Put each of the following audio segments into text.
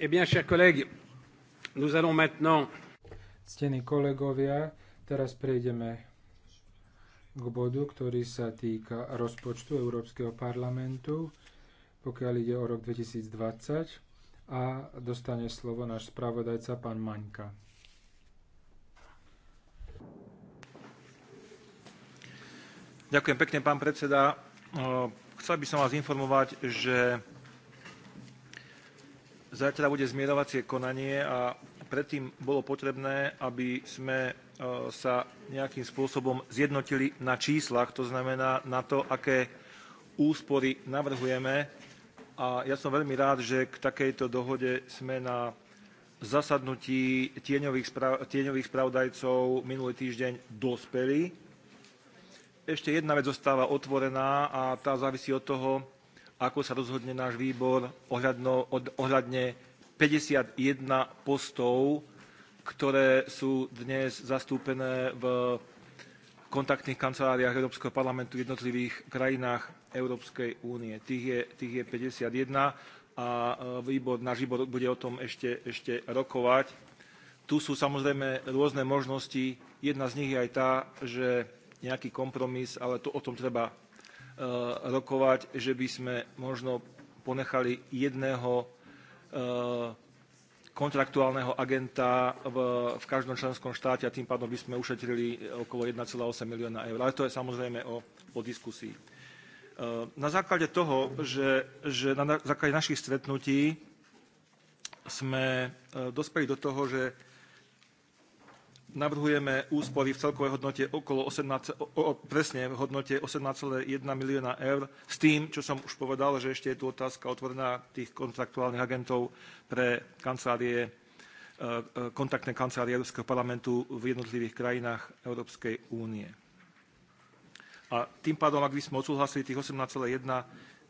Eh bien, chers collègues, nous allons maintenant... Ctení kolegovia, teraz prejdeme k bodu, ktorý sa týka rozpočtu Európskeho parlamentu, pokiaľ ide o rok 2020 a dostane slovo náš spravodajca pán Maňka. Ďakujem pekne, pán predseda. Chcel by som vás informovať, že Zajtra bude zmierovacie konanie a predtým bolo potrebné, aby sme e, sa nejakým spôsobom zjednotili na číslach, to znamená na to, aké úspory navrhujeme. A ja som veľmi rád, že k takejto dohode sme na zasadnutí tieňových, spra- tieňových spravodajcov minulý týždeň dospeli. Ešte jedna vec zostáva otvorená a tá závisí od toho, ako sa rozhodne náš výbor ohľadno, od, ohľadne 51 postov, ktoré sú dnes zastúpené v kontaktných kanceláriách Európskeho parlamentu v jednotlivých krajinách Európskej únie. Tých je, tých je 51 a e, výbor, náš výbor bude o tom ešte, ešte rokovať. Tu sú samozrejme rôzne možnosti. Jedna z nich je aj tá, že nejaký kompromis, ale to o tom treba Eh, rokovať, že by sme možno ponechali jedného eh, kontraktuálneho agenta v, v každom členskom štáte a tým pádom by sme ušetrili eh, okolo 1,8 milióna eur. Ale to je samozrejme o, o diskusii. Na základe toho, že, že na základe našich stretnutí sme dospeli do toho, že navrhujeme úspory v celkovej hodnote okolo 18, o, presne v hodnote 18,1 milióna eur s tým, čo som už povedal, že ešte je tu otázka otvorená tých kontraktuálnych agentov pre kancelárie, e, e, kontaktné kancelárie Európskeho parlamentu v jednotlivých krajinách Európskej únie. A tým pádom, ak by sme odsúhlasili tých 18,1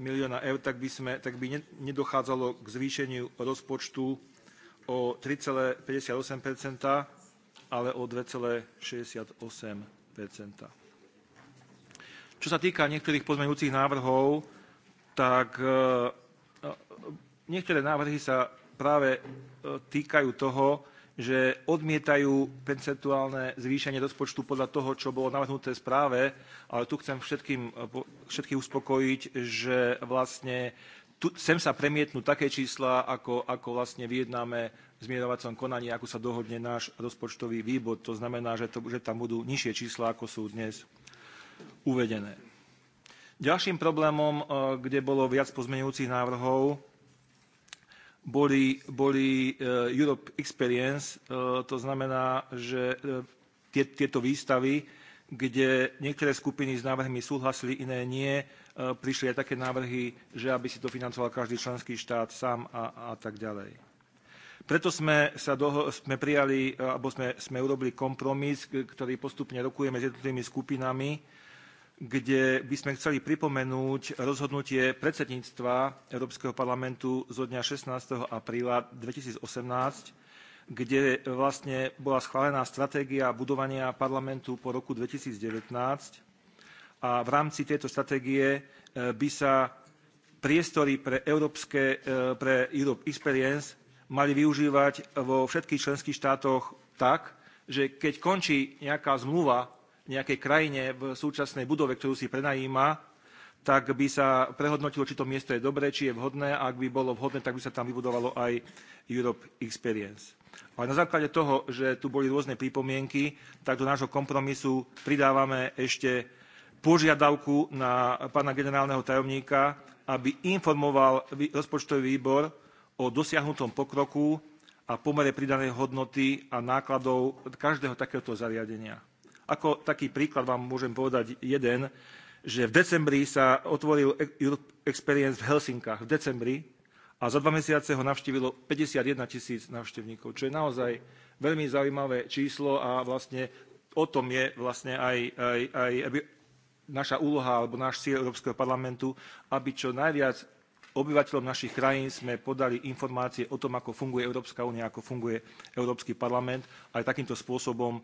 milióna eur, tak by, sme, tak by nedochádzalo k zvýšeniu rozpočtu o 3,58 ale o 2,68 Čo sa týka niektorých pozmeňujúcich návrhov, tak e, e, niektoré návrhy sa práve e, týkajú toho, že odmietajú percentuálne zvýšenie rozpočtu podľa toho, čo bolo navrhnuté v správe, ale tu chcem všetkým, všetkých uspokojiť, že vlastne tu, sem sa premietnú také čísla, ako, ako vlastne vyjednáme zmierovacom konaní, ako sa dohodne náš rozpočtový výbor. To znamená, že, to, že tam budú nižšie čísla, ako sú dnes uvedené. Ďalším problémom, e, kde bolo viac pozmeňujúcich návrhov, boli, boli e, Europe Experience, e, to znamená, že tie, tieto výstavy, kde niektoré skupiny s návrhmi súhlasili, iné nie, prišli aj také návrhy, že aby si to financoval každý členský štát sám a, a tak ďalej. Preto sme, sa doho- sme prijali, e, alebo sme, sme urobili kompromis, ktorý postupne rokujeme s jednotlivými skupinami, kde by sme chceli pripomenúť rozhodnutie predsedníctva Európskeho parlamentu zo dňa 16. apríla 2018, kde vlastne bola schválená stratégia budovania parlamentu po roku 2019 a v rámci tejto stratégie e, by sa priestory pre, európske, e, pre Europe Experience mali využívať vo všetkých členských štátoch tak, že keď končí nejaká zmluva v nejakej krajine v súčasnej budove, ktorú si prenajíma, tak by sa prehodnotilo, či to miesto je dobré, či je vhodné a ak by bolo vhodné, tak by sa tam vybudovalo aj Europe Experience. Ale na základe toho, že tu boli rôzne pripomienky, tak do nášho kompromisu pridávame ešte požiadavku na pána generálneho tajomníka, aby informoval rozpočtový výbor o dosiahnutom pokroku a pomere pridanej hodnoty a nákladov každého takéhoto zariadenia. Ako taký príklad vám môžem povedať jeden, že v decembri sa otvoril e- Europe Experience v Helsinkách, v decembri, a za dva mesiace ho navštívilo 51 tisíc návštevníkov, čo je naozaj veľmi zaujímavé číslo a vlastne o tom je vlastne aj, aj, aj naša úloha alebo náš cieľ Európskeho parlamentu, aby čo najviac obyvateľom našich krajín sme podali informácie o tom, ako funguje Európska únia, ako funguje Európsky parlament. Aj takýmto spôsobom e,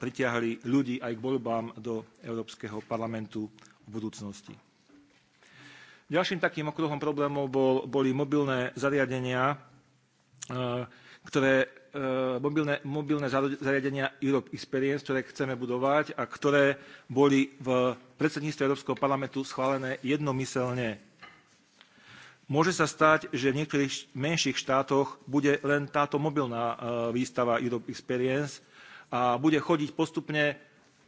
pritiahli ľudí aj k voľbám do Európskeho parlamentu v budúcnosti. Ďalším takým okruhom problémov bol, boli mobilné zariadenia, e, ktoré e, mobilné, mobilné zariadenia Europe Experience, ktoré chceme budovať a ktoré boli v predsedníctve Európskeho parlamentu schválené jednomyselne Môže sa stať, že v niektorých menších štátoch bude len táto mobilná e, výstava Europe Experience a bude chodiť postupne,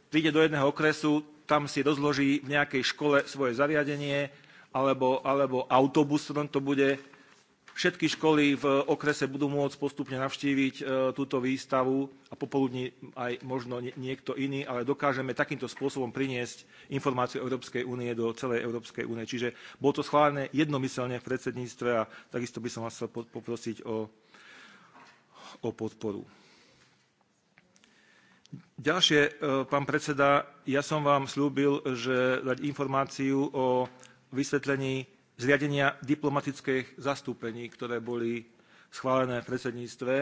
príde do jedného okresu, tam si rozloží v nejakej škole svoje zariadenie alebo, alebo autobusom to bude Všetky školy v okrese budú môcť postupne navštíviť e, túto výstavu a popoludní aj možno niekto iný, ale dokážeme takýmto spôsobom priniesť informáciu Európskej únie do celej Európskej únie. Čiže bolo to schválené jednomyselne v predsedníctve a takisto by som vás chcel poprosiť o, o podporu. Ďalšie, e, pán predseda, ja som vám slúbil, že dať informáciu o vysvetlení zriadenia diplomatických zastúpení, ktoré boli schválené v predsedníctve,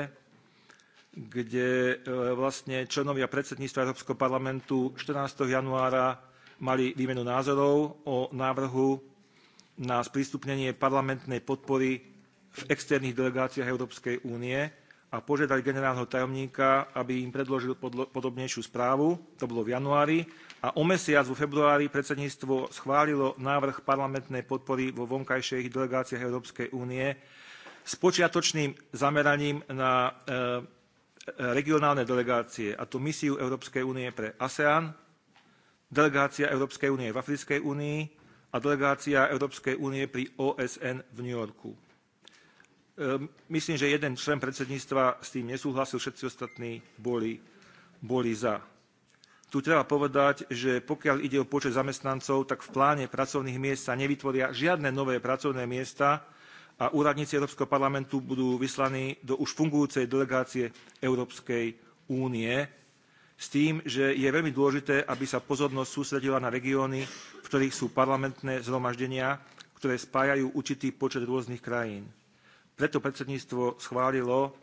kde e, vlastne členovia predsedníctva Európskeho parlamentu 14. januára mali výmenu názorov o návrhu na sprístupnenie parlamentnej podpory v externých delegáciách Európskej únie a požiadali generálneho tajomníka, aby im predložil podobnejšiu správu, to bolo v januári, a o mesiac vo februári predsedníctvo schválilo návrh parlamentnej podpory vo vonkajších delegáciách Európskej únie s počiatočným zameraním na e, e, regionálne delegácie, a to misiu Európskej únie pre ASEAN, delegácia Európskej únie v Africkej únii a delegácia Európskej únie pri OSN v New Yorku. E, myslím, že jeden člen predsedníctva s tým nesúhlasil, všetci ostatní boli, boli za. Tu treba povedať, že pokiaľ ide o počet zamestnancov, tak v pláne pracovných miest sa nevytvoria žiadne nové pracovné miesta a úradníci Európskeho parlamentu budú vyslaní do už fungujúcej delegácie Európskej únie s tým, že je veľmi dôležité, aby sa pozornosť sústredila na regióny, v ktorých sú parlamentné zhromaždenia, ktoré spájajú určitý počet rôznych krajín. Preto predsedníctvo schválilo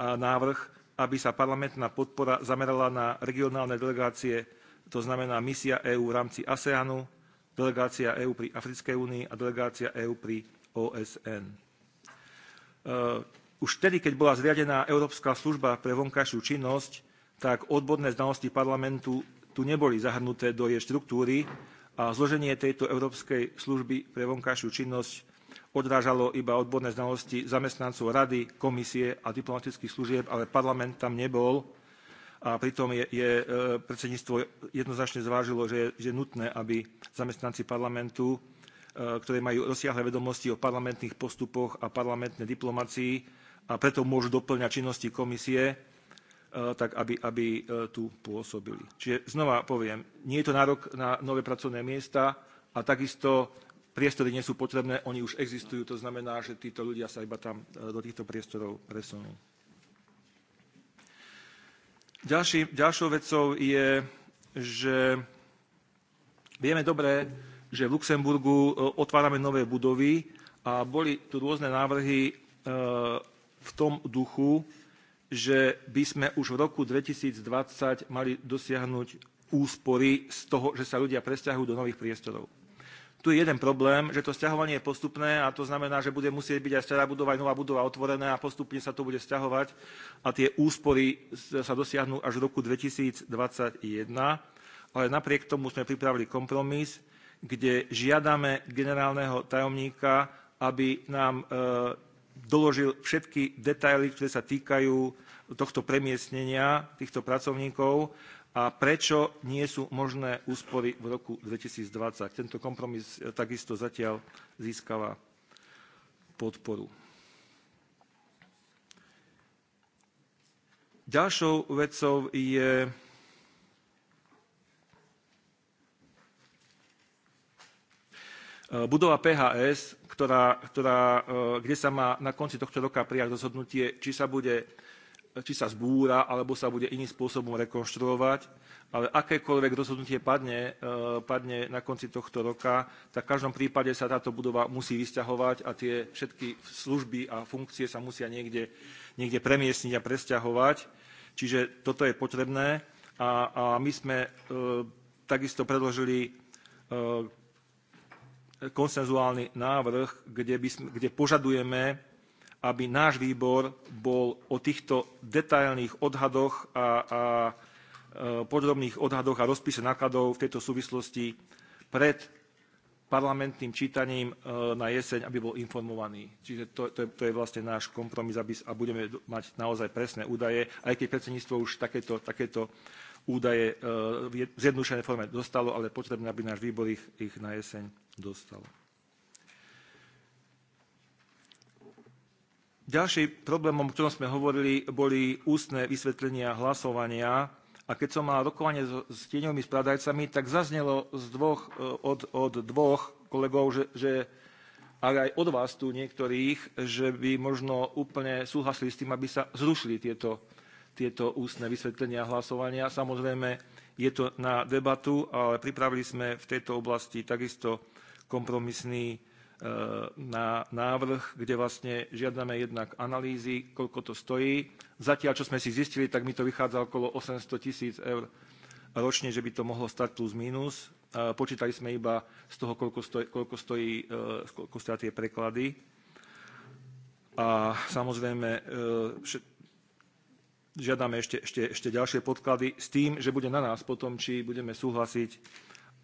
návrh aby sa parlamentná podpora zamerala na regionálne delegácie, to znamená misia EÚ v rámci ASEANu, delegácia EÚ pri Africkej únii a delegácia EÚ pri OSN. E, už vtedy, keď bola zriadená Európska služba pre vonkajšiu činnosť, tak odborné znalosti parlamentu tu neboli zahrnuté do jej štruktúry a zloženie tejto Európskej služby pre vonkajšiu činnosť odrážalo iba odborné znalosti zamestnancov rady, komisie a diplomatických služieb, ale parlament tam nebol a pritom je, je e, predsedníctvo jednoznačne zvážilo, že je, že je nutné, aby zamestnanci parlamentu, e, ktoré majú rozsiahle vedomosti o parlamentných postupoch a parlamentnej diplomácii a preto môžu doplňať činnosti komisie, e, tak aby, aby tu pôsobili. Čiže znova poviem, nie je to nárok na nové pracovné miesta a takisto priestory nie sú potrebné, oni už existujú, to znamená, že títo ľudia sa iba tam e, do týchto priestorov presunú. Ďalší, ďalšou vecou je, že vieme dobre, že v Luxemburgu e, otvárame nové budovy a boli tu rôzne návrhy e, v tom duchu, že by sme už v roku 2020 mali dosiahnuť úspory z toho, že sa ľudia presťahujú do nových priestorov. Tu je jeden problém, že to sťahovanie je postupné a to znamená, že bude musieť byť aj stará budova, aj nová budova otvorená a postupne sa to bude sťahovať a tie úspory sa dosiahnu až v roku 2021. Ale napriek tomu sme pripravili kompromis, kde žiadame generálneho tajomníka, aby nám e, doložil všetky detaily, ktoré sa týkajú tohto premiestnenia týchto pracovníkov a prečo nie sú možné úspory v roku 2020. Tento kompromis eh, takisto zatiaľ získava podporu. Ďalšou vecou je eh, budova PHS, ktorá, ktorá, eh, kde sa má na konci tohto roka prijať rozhodnutie, či sa bude či sa zbúra, alebo sa bude iným spôsobom rekonštruovať, ale akékoľvek rozhodnutie padne, e, padne na konci tohto roka, tak v každom prípade sa táto budova musí vysťahovať a tie všetky služby a funkcie sa musia niekde, niekde premiesniť a presťahovať. Čiže toto je potrebné a, a my sme e, takisto predložili e, konsenzuálny návrh, kde, by, kde požadujeme aby náš výbor bol o týchto detailných odhadoch a, a e, podrobných odhadoch a rozpise nákladov v tejto súvislosti pred parlamentným čítaním e, na jeseň, aby bol informovaný. Čiže to, to, je, to je vlastne náš kompromis aby, a budeme mať naozaj presné údaje, aj keď predsedníctvo už takéto, takéto údaje e, v zjednodušenej forme dostalo, ale potrebné, aby náš výbor ich, ich na jeseň dostal. Ďalším problémom, o ktorom sme hovorili, boli ústne vysvetlenia hlasovania. A keď som mal rokovanie s tieňovými spravodajcami, tak zaznelo z dvoch, e, od, od dvoch kolegov, že, že ale aj od vás tu niektorých, že by možno úplne súhlasili s tým, aby sa zrušili tieto, tieto ústne vysvetlenia hlasovania. Samozrejme, je to na debatu, ale pripravili sme v tejto oblasti takisto kompromisný E, na návrh, kde vlastne žiadame jednak analýzy, koľko to stojí. Zatiaľ, čo sme si zistili, tak mi to vychádza okolo 800 tisíc eur ročne, že by to mohlo stať plus mínus. E, počítali sme iba z toho, koľko stojí, koľko stojí, e, koľko stojí tie preklady. A samozrejme, žiadame ešte, ešte, ešte ďalšie podklady s tým, že bude na nás potom, či budeme súhlasiť,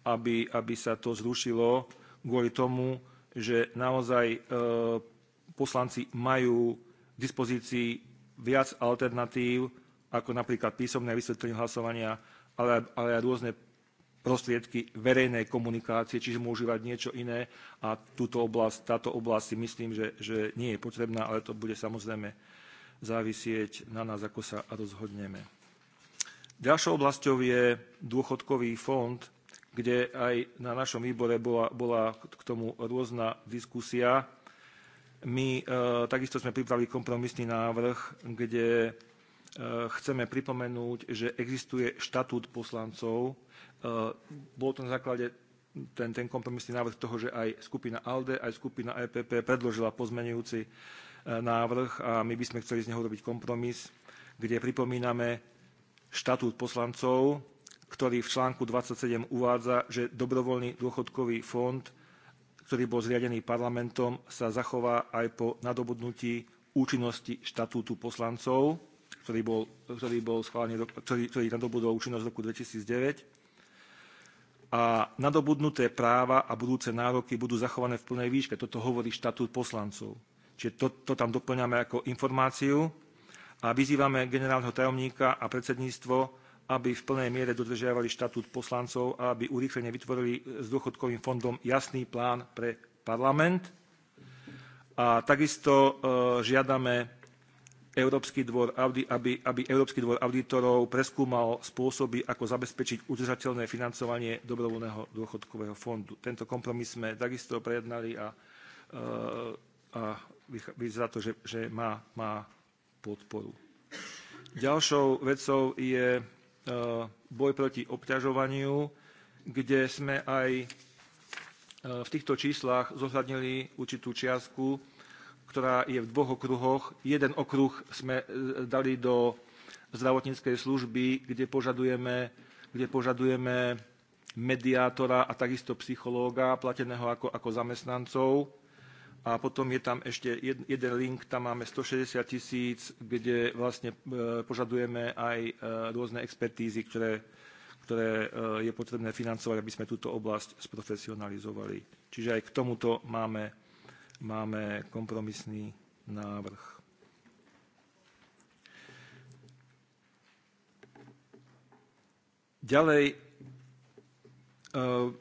aby, aby sa to zrušilo kvôli tomu, že naozaj e, poslanci majú k dispozícii viac alternatív, ako napríklad písomné vysvetlenie hlasovania, ale, ale aj rôzne prostriedky verejnej komunikácie, čiže môžu mať niečo iné a túto oblasť, táto oblasť si myslím, že, že nie je potrebná, ale to bude samozrejme závisieť na nás, ako sa rozhodneme. Ďalšou oblasťou je dôchodkový fond, kde aj na našom výbore bola, bola k tomu rôzna diskusia. My e, takisto sme pripravili kompromisný návrh, kde e, chceme pripomenúť, že existuje štatút poslancov. E, bol to na základe ten, ten kompromisný návrh toho, že aj skupina ALDE, aj skupina EPP predložila pozmenujúci návrh a my by sme chceli z neho robiť kompromis, kde pripomíname štatút poslancov, ktorý v článku 27 uvádza, že dobrovoľný dôchodkový fond, ktorý bol zriadený parlamentom, sa zachová aj po nadobudnutí účinnosti štatútu poslancov, ktorý bol, ktorý bol schválený, ktorý, ktorý nadobudol účinnosť v roku 2009. A nadobudnuté práva a budúce nároky budú zachované v plnej výške. Toto hovorí štatút poslancov. Čiže to, to tam doplňame ako informáciu a vyzývame generálneho tajomníka a predsedníctvo, aby v plnej miere dodržiavali štatút poslancov a aby urýchlene vytvorili s dôchodkovým fondom jasný plán pre parlament. A takisto e, žiadame Európsky dvor, aby, aby Európsky dvor auditorov preskúmal spôsoby, ako zabezpečiť udržateľné financovanie dobrovoľného dôchodkového fondu. Tento kompromis sme takisto prejednali a, e, a vyzerá to, že, že má, má podporu. Ďalšou vecou je E, boj proti obťažovaniu, kde sme aj e, v týchto číslach zohľadnili určitú čiastku, ktorá je v dvoch okruhoch. Jeden okruh sme e, dali do zdravotníckej služby, kde požadujeme, kde požadujeme mediátora a takisto psychológa, plateného ako, ako zamestnancov. A potom je tam ešte jeden link, tam máme 160 tisíc, kde vlastne e, požadujeme aj e, rôzne expertízy, ktoré, ktoré e, je potrebné financovať, aby sme túto oblasť sprofesionalizovali. Čiže aj k tomuto máme, máme kompromisný návrh. Ďalej,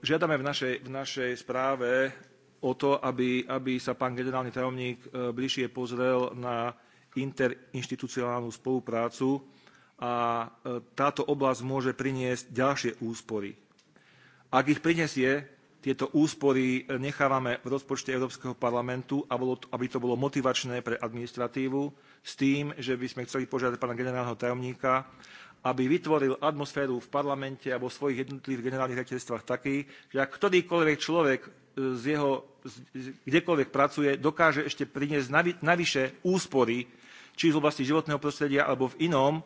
žiadame v našej, v našej správe o to, aby, aby sa pán generálny tajomník e, bližšie pozrel na interinštitucionálnu spoluprácu a e, táto oblasť môže priniesť ďalšie úspory. Ak ich prinesie, tieto úspory nechávame v rozpočte Európskeho parlamentu, aby to bolo motivačné pre administratívu, s tým, že by sme chceli požiadať pána generálneho tajomníka, aby vytvoril atmosféru v parlamente a vo svojich jednotlivých generálnych rektorstvách taký, že ak ktorýkoľvek človek z jeho, kdekoľvek pracuje, dokáže ešte priniesť navyše úspory, či z oblasti životného prostredia alebo v inom,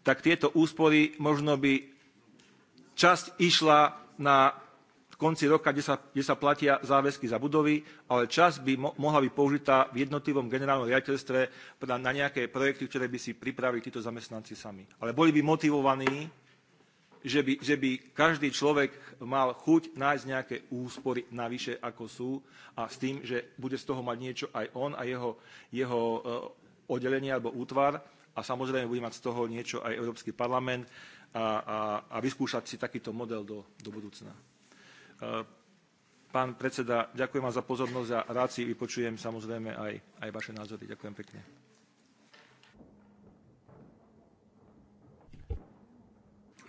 tak tieto úspory možno by časť išla na konci roka, kde sa, kde sa platia záväzky za budovy, ale časť by mo mohla byť použitá v jednotlivom generálnom riaditeľstve na nejaké projekty, ktoré by si pripravili títo zamestnanci sami. Ale boli by motivovaní že by, že by každý človek mal chuť nájsť nejaké úspory navyše, ako sú, a s tým, že bude z toho mať niečo aj on a jeho, jeho e, oddelenie alebo útvar a samozrejme bude mať z toho niečo aj Európsky parlament a, a, a vyskúšať si takýto model do, do budúcna. E, pán predseda, ďakujem vám za pozornosť a rád si vypočujem samozrejme aj, aj vaše názory. Ďakujem pekne.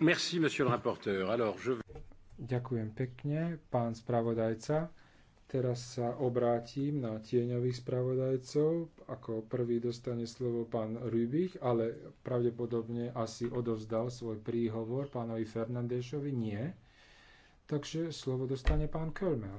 Merci, monsieur le rapporteur. Alors, je... Ďakujem pekne, pán spravodajca. Teraz sa obrátim na tieňových spravodajcov. Ako prvý dostane slovo pán Rybich, ale pravdepodobne asi odovzdal svoj príhovor pánovi Fernandešovi. Nie. Takže slovo dostane pán Kölmel.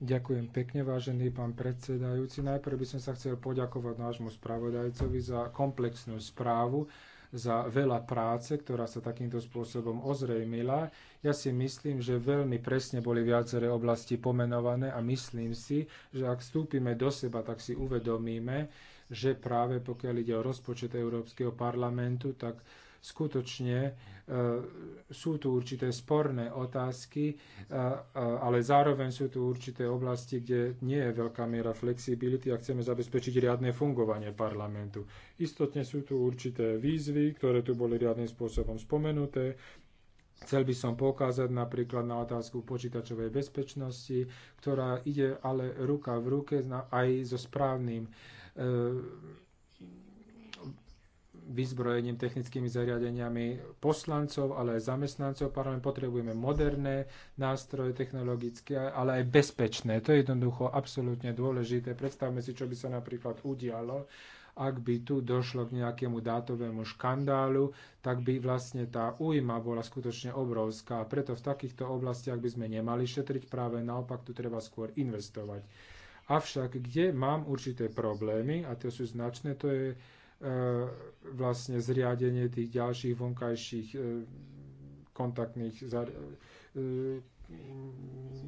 Ďakujem pekne, vážený pán predsedajúci. Najprv by som sa chcel poďakovať nášmu spravodajcovi za komplexnú správu za veľa práce, ktorá sa takýmto spôsobom ozrejmila. Ja si myslím, že veľmi presne boli viaceré oblasti pomenované a myslím si, že ak vstúpime do seba, tak si uvedomíme, že práve pokiaľ ide o rozpočet Európskeho parlamentu, tak Skutočne e, sú tu určité sporné otázky, e, e, ale zároveň sú tu určité oblasti, kde nie je veľká miera flexibility a chceme zabezpečiť riadne fungovanie parlamentu. Istotne sú tu určité výzvy, ktoré tu boli riadnym spôsobom spomenuté. Chcel by som poukázať napríklad na otázku počítačovej bezpečnosti, ktorá ide ale ruka v ruke aj so správnym vyzbrojením, technickými zariadeniami poslancov, ale aj zamestnancov. Parlament potrebujeme moderné nástroje technologické, ale aj bezpečné. To je jednoducho absolútne dôležité. Predstavme si, čo by sa napríklad udialo, ak by tu došlo k nejakému dátovému škandálu, tak by vlastne tá újma bola skutočne obrovská. Preto v takýchto oblastiach by sme nemali šetriť, práve naopak tu treba skôr investovať. Avšak kde mám určité problémy, a to sú značné, to je E, vlastne zriadenie tých ďalších vonkajších e, kontaktných e,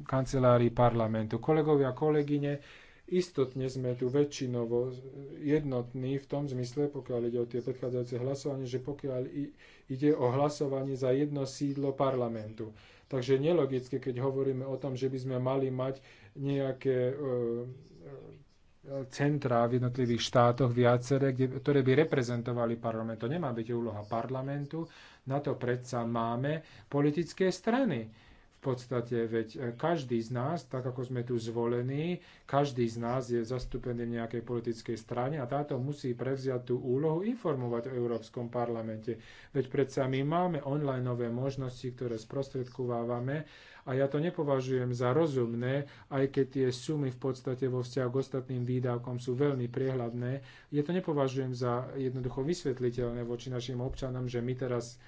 kancelárií parlamentu. Kolegovia kolegyne, istotne sme tu väčšinovo jednotní v tom zmysle, pokiaľ ide o tie predchádzajúce hlasovanie, že pokiaľ ide o hlasovanie za jedno sídlo parlamentu. Takže nelogické, keď hovoríme o tom, že by sme mali mať nejaké e, centrá v jednotlivých štátoch viaceré, kde, ktoré by reprezentovali parlament. To nemá byť úloha parlamentu, na to predsa máme politické strany. V podstate, veď e, každý z nás, tak ako sme tu zvolení, každý z nás je zastúpený v nejakej politickej strane a táto musí prevziať tú úlohu informovať o Európskom parlamente. Veď predsa my máme onlineové možnosti, ktoré sprostredkovávame a ja to nepovažujem za rozumné, aj keď tie sumy v podstate vo vzťahu k ostatným výdavkom sú veľmi priehľadné. Ja to nepovažujem za jednoducho vysvetliteľné voči našim občanom, že my teraz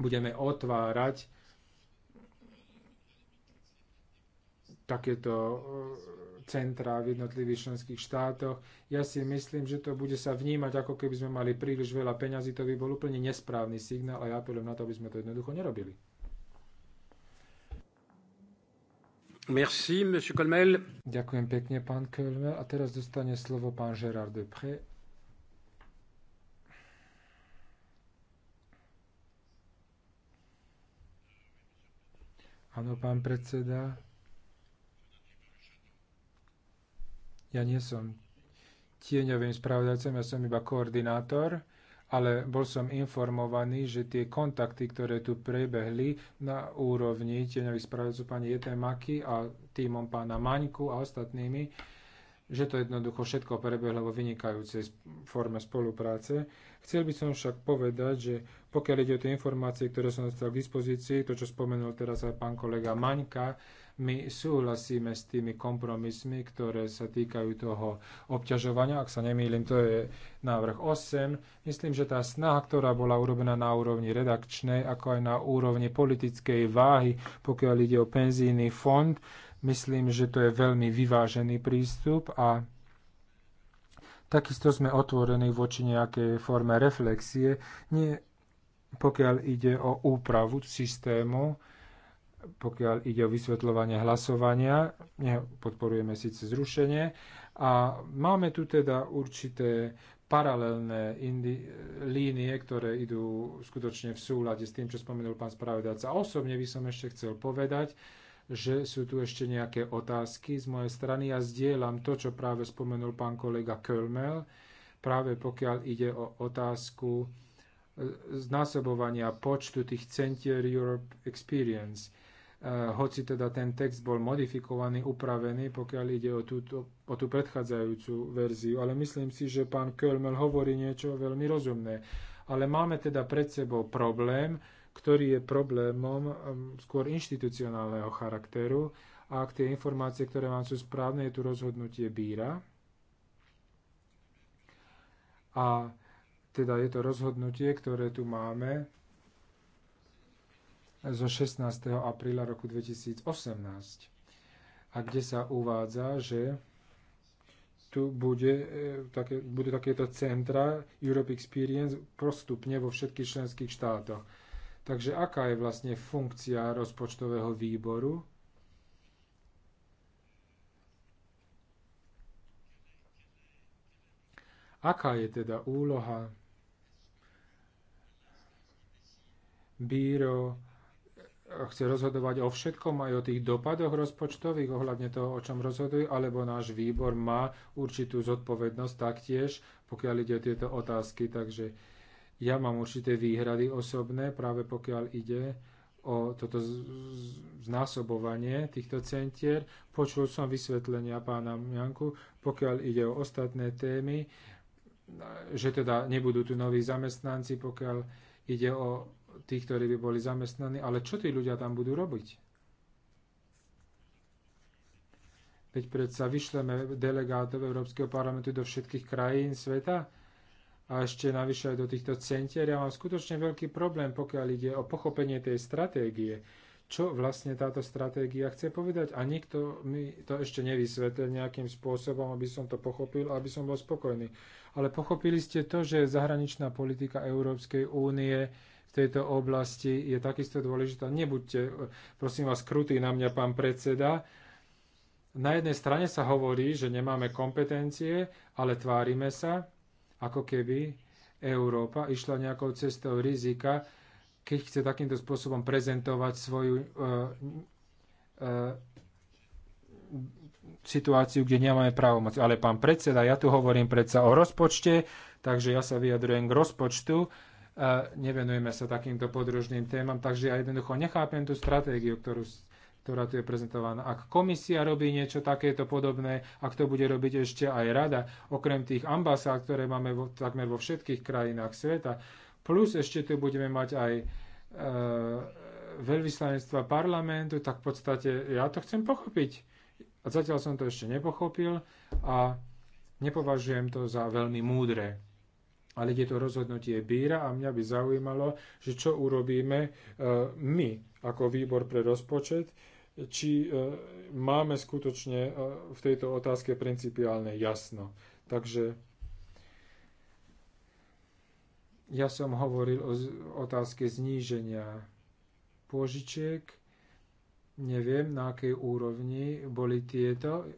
budeme otvárať takéto e, centrá v jednotlivých členských štátoch. Ja si myslím, že to bude sa vnímať, ako keby sme mali príliš veľa peňazí, to by bol úplne nesprávny signál a ja apelujem na to, aby sme to jednoducho nerobili. Merci, monsieur Colmel. Ďakujem pekne, pán Colmel. A teraz dostane slovo pán Gérard Depré. Áno, pán predseda. Ja nie som tieňovým spravodajcom, ja som iba koordinátor ale bol som informovaný, že tie kontakty, ktoré tu prebehli na úrovni tieňových spravodcov pani Jete Maky a týmom pána Maňku a ostatnými, že to jednoducho všetko prebehlo vo vynikajúcej forme spolupráce. Chcel by som však povedať, že pokiaľ ide o tie informácie, ktoré som dostal k dispozícii, to, čo spomenul teraz aj pán kolega Maňka, my súhlasíme s tými kompromismi, ktoré sa týkajú toho obťažovania. Ak sa nemýlim, to je návrh 8. Myslím, že tá snaha, ktorá bola urobená na úrovni redakčnej, ako aj na úrovni politickej váhy, pokiaľ ide o penzijný fond, myslím, že to je veľmi vyvážený prístup a Takisto sme otvorení voči nejakej forme reflexie, nie pokiaľ ide o úpravu systému, pokiaľ ide o vysvetľovanie hlasovania, podporujeme síce zrušenie. A máme tu teda určité paralelné indi- línie, ktoré idú skutočne v súlade s tým, čo spomenul pán spravodajca. Osobne by som ešte chcel povedať, že sú tu ešte nejaké otázky z mojej strany. Ja zdieľam to, čo práve spomenul pán kolega Kölmel, práve pokiaľ ide o otázku e, znásobovania počtu tých centier Europe Experience Eh, hoci teda ten text bol modifikovaný, upravený, pokiaľ ide o, túto, o tú predchádzajúcu verziu. Ale myslím si, že pán Kölmel hovorí niečo veľmi rozumné. Ale máme teda pred sebou problém, ktorý je problémom skôr inštitucionálneho charakteru. A ak tie informácie, ktoré vám sú správne, je tu rozhodnutie Bíra. A teda je to rozhodnutie, ktoré tu máme, zo 16. apríla roku 2018, a kde sa uvádza, že tu bude, e, také, bude takéto centra Europe Experience postupne vo všetkých členských štátoch. Takže aká je vlastne funkcia rozpočtového výboru? Aká je teda úloha Bureau chce rozhodovať o všetkom, aj o tých dopadoch rozpočtových ohľadne toho, o čom rozhoduje, alebo náš výbor má určitú zodpovednosť taktiež, pokiaľ ide o tieto otázky. Takže ja mám určité výhrady osobné, práve pokiaľ ide o toto znásobovanie týchto centier. Počul som vysvetlenia pána Janku, pokiaľ ide o ostatné témy, že teda nebudú tu noví zamestnanci, pokiaľ ide o tých, ktorí by boli zamestnaní, ale čo tí ľudia tam budú robiť? Veď predsa vyšleme delegátov Európskeho parlamentu do všetkých krajín sveta a ešte navyše aj do týchto centier. Ja mám skutočne veľký problém, pokiaľ ide o pochopenie tej stratégie. Čo vlastne táto stratégia chce povedať? A nikto mi to ešte nevysvetlil nejakým spôsobom, aby som to pochopil, aby som bol spokojný. Ale pochopili ste to, že zahraničná politika Európskej únie tejto oblasti je takisto dôležitá. Nebuďte, prosím vás, krutí na mňa, pán predseda. Na jednej strane sa hovorí, že nemáme kompetencie, ale tvárime sa, ako keby Európa išla nejakou cestou rizika, keď chce takýmto spôsobom prezentovať svoju uh, uh, situáciu, kde nemáme právomoc. Ale pán predseda, ja tu hovorím predsa o rozpočte, takže ja sa vyjadrujem k rozpočtu nevenujeme sa takýmto podružným témam, takže ja jednoducho nechápem tú stratégiu, ktorú, ktorá tu je prezentovaná. Ak komisia robí niečo takéto podobné, ak to bude robiť ešte aj rada, okrem tých ambasád, ktoré máme vo, takmer vo všetkých krajinách sveta, plus ešte tu budeme mať aj e, veľvyslanectva parlamentu, tak v podstate ja to chcem pochopiť. A zatiaľ som to ešte nepochopil a nepovažujem to za veľmi múdre ale je to rozhodnutie Bíra a mňa by zaujímalo, že čo urobíme e, my ako výbor pre rozpočet, či e, máme skutočne e, v tejto otázke principiálne jasno. Takže ja som hovoril o otázke zníženia pôžičiek. Neviem, na akej úrovni boli tieto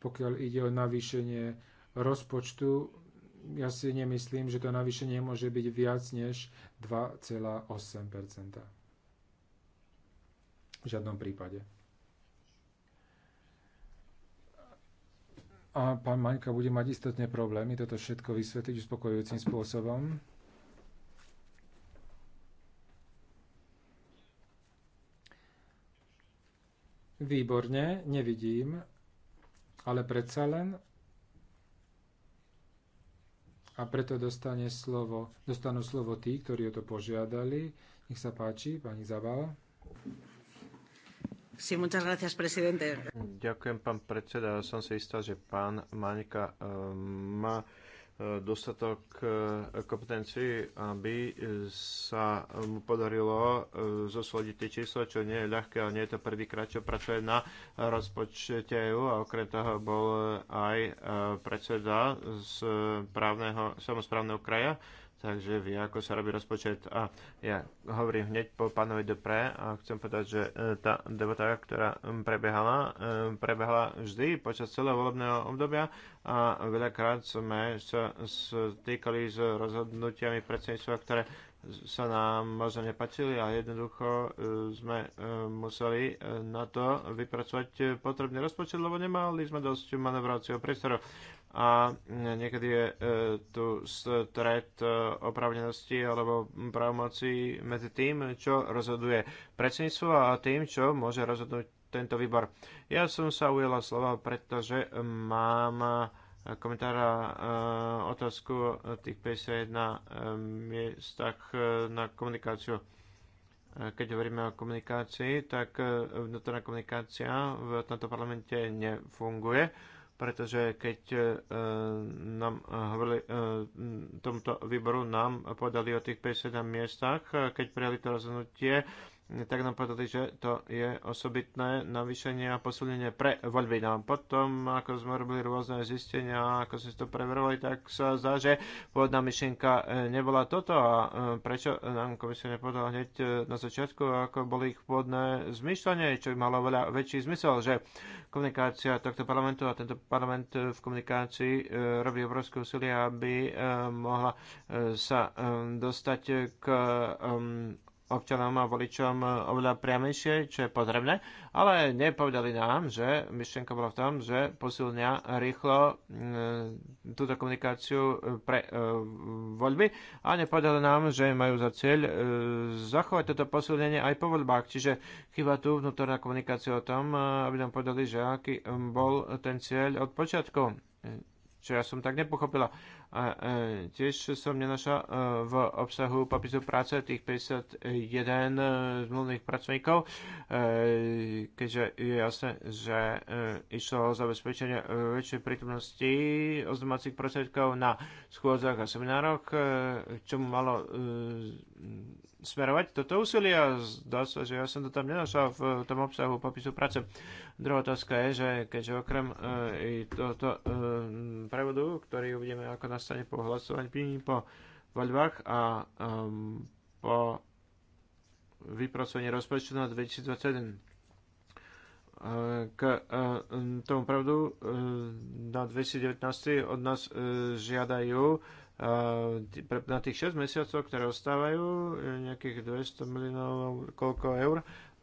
pokiaľ ide o navýšenie rozpočtu, ja si nemyslím, že to navýšenie môže byť viac než 2,8 V žiadnom prípade. A pán Maňka bude mať istotne problémy toto všetko vysvetliť uspokojujúcim spôsobom. Výborne, nevidím ale predsa len a preto dostane slovo, dostanú slovo tí, ktorí o to požiadali. Nech sa páči, pani Zabala. Sí, muchas gracias, presidente. Ďakujem, pán predseda. Som si istá, že pán Maňka um, má dostatok e, kompetencií, aby sa mu podarilo e, zosladiť tie čísla, čo nie je ľahké, ale nie je to prvýkrát, čo pracuje na rozpočte EU a okrem toho bol aj e, predseda z právneho, samozprávneho kraja takže vie, ako sa robí rozpočet. A ja hovorím hneď po pánovi Dupré a chcem povedať, že e, tá debata, ktorá prebehala, e, prebehla vždy počas celého volebného obdobia a veľakrát sme sa stýkali s rozhodnutiami predsedníctva, ktoré sa nám možno nepačili a jednoducho e, sme museli na to vypracovať potrebný rozpočet, lebo nemali sme dosť manevrácieho priestoru a niekedy je e, tu stred e, opravnenosti alebo pravomocí medzi tým, čo rozhoduje predsedníctvo a tým, čo môže rozhodnúť tento výbor. Ja som sa ujela slova, pretože mám komentár a e, otázku tých 51 miestach na komunikáciu. Keď hovoríme o komunikácii, tak vnútorná komunikácia v tomto parlamente nefunguje pretože keď e, nám hovorili e, tomto výboru, nám podali o tých 57 miestach, e, keď prijali to rozhodnutie, tak nám povedali, že to je osobitné navýšenie a posilnenie pre voľby. No potom, ako sme robili rôzne zistenia, ako sme to preverovali, tak sa zdá, že pôvodná myšlienka e, nebola toto a e, prečo nám komisia nepovedala hneď e, na začiatku, ako boli ich pôvodné zmyšľanie, čo by malo veľa väčší zmysel, že komunikácia tohto parlamentu a tento parlament v komunikácii robí obrovské úsilie, aby mohla sa dostať k občanom a voličom oveľa priamejšie, čo je potrebné, ale nepovedali nám, že myšlienka bola v tom, že posilnia rýchlo mm, túto komunikáciu pre e, voľby a nepovedali nám, že majú za cieľ e, zachovať toto posilnenie aj po voľbách. Čiže chyba tu vnútorná komunikácia o tom, e, aby nám povedali, že aký bol ten cieľ od počiatku čo ja som tak nepochopila. A e, tiež som nenašla e, v obsahu popisu práce tých 51 e, zmluvných pracovníkov, keďže je jasné, že išlo o zabezpečenie väčšej prítomnosti oznamovacích prostriedkov na schôdzach a seminároch, čo malo smerovať toto úsilie a zdá sa, že ja som to tam nenašal v eh, tom obsahu popisu práce. Druhá otázka je, že keďže okrem e, tohoto e, prevodu, ktorý uvidíme ako nastane po hlasovaní, po voľbách a um, po vyprosovaní rozpočtu na 2021. K tomu pravdu na 2019 od nás žiadajú na tých 6 mesiacov, ktoré ostávajú, e, nejakých 200 miliónov, koľko eur,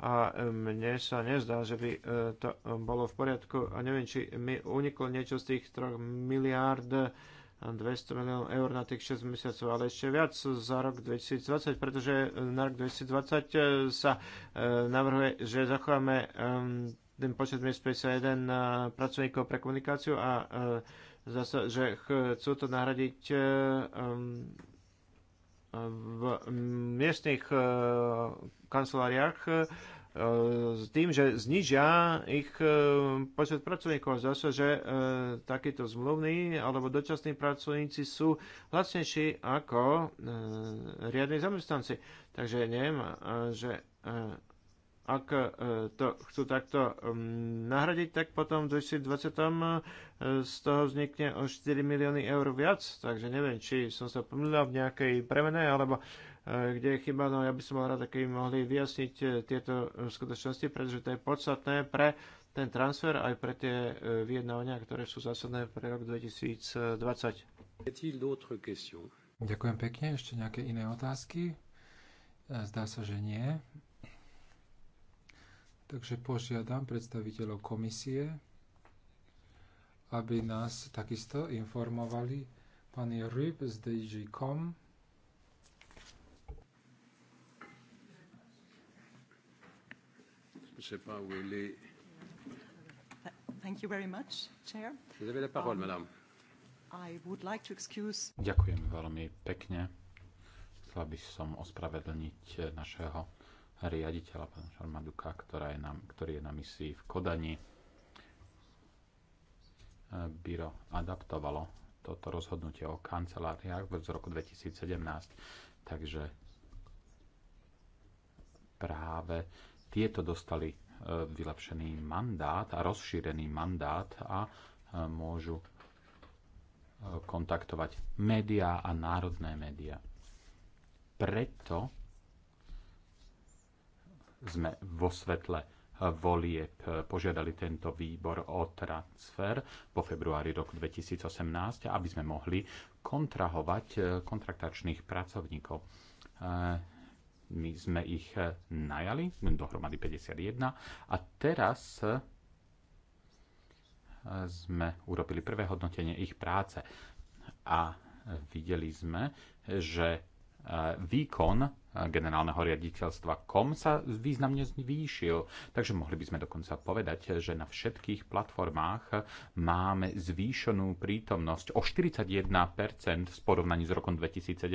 a e, mne sa nezdá, že by e, to bolo v poriadku a neviem, či mi uniklo niečo z tých 3 miliárd 200 miliónov eur na tých 6 mesiacov, ale ešte viac za rok 2020, pretože na rok 2020 sa navrhuje, že zachováme ten počet miest 51 pracovníkov pre komunikáciu a zase, že chcú to nahradiť e, v miestnych e, kanceláriách e, s tým, že znižia ich počet pracovníkov. Zase, že takíto zmluvní alebo dočasní pracovníci sú vlastnejší ako riadni zamestnanci. Takže neviem, že ak e, to chcú takto mm, nahradiť, tak potom v 2020 e, z toho vznikne o 4 milióny eur viac, takže neviem, či som sa pomýlil v nejakej premene, alebo e, kde je chyba, no ja by som mal rád, keby mohli vyjasniť tieto skutočnosti, pretože to je podstatné pre ten transfer aj pre tie vyjednávania, ktoré sú zásadné pre rok 2020. Ďakujem pekne. Ešte nejaké iné otázky? Zdá sa, že nie. Takže požiadam predstaviteľov komisie, aby nás takisto informovali pani Ryb z DG.com. Um, Ďakujem veľmi pekne. Chcela by som ospravedlniť eh, našeho riaditeľa, pána Šarmaduka, ktorá je na, ktorý je na misii v Kodani. Biro adaptovalo toto rozhodnutie o kanceláriách z roku 2017, takže práve tieto dostali e, vylepšený mandát a rozšírený mandát a e, môžu e, kontaktovať médiá a národné médiá. Preto sme vo svetle volieb požiadali tento výbor o transfer po februári roku 2018, aby sme mohli kontrahovať eh, kontraktačných pracovníkov. Eh, my sme ich eh, najali, dohromady 51, a teraz sme urobili prvé hodnotenie ich práce a videli sme, že výkon generálneho riaditeľstva KOM sa významne zvýšil. Takže mohli by sme dokonca povedať, že na všetkých platformách máme zvýšenú prítomnosť o 41% v porovnaní s rokom 2017.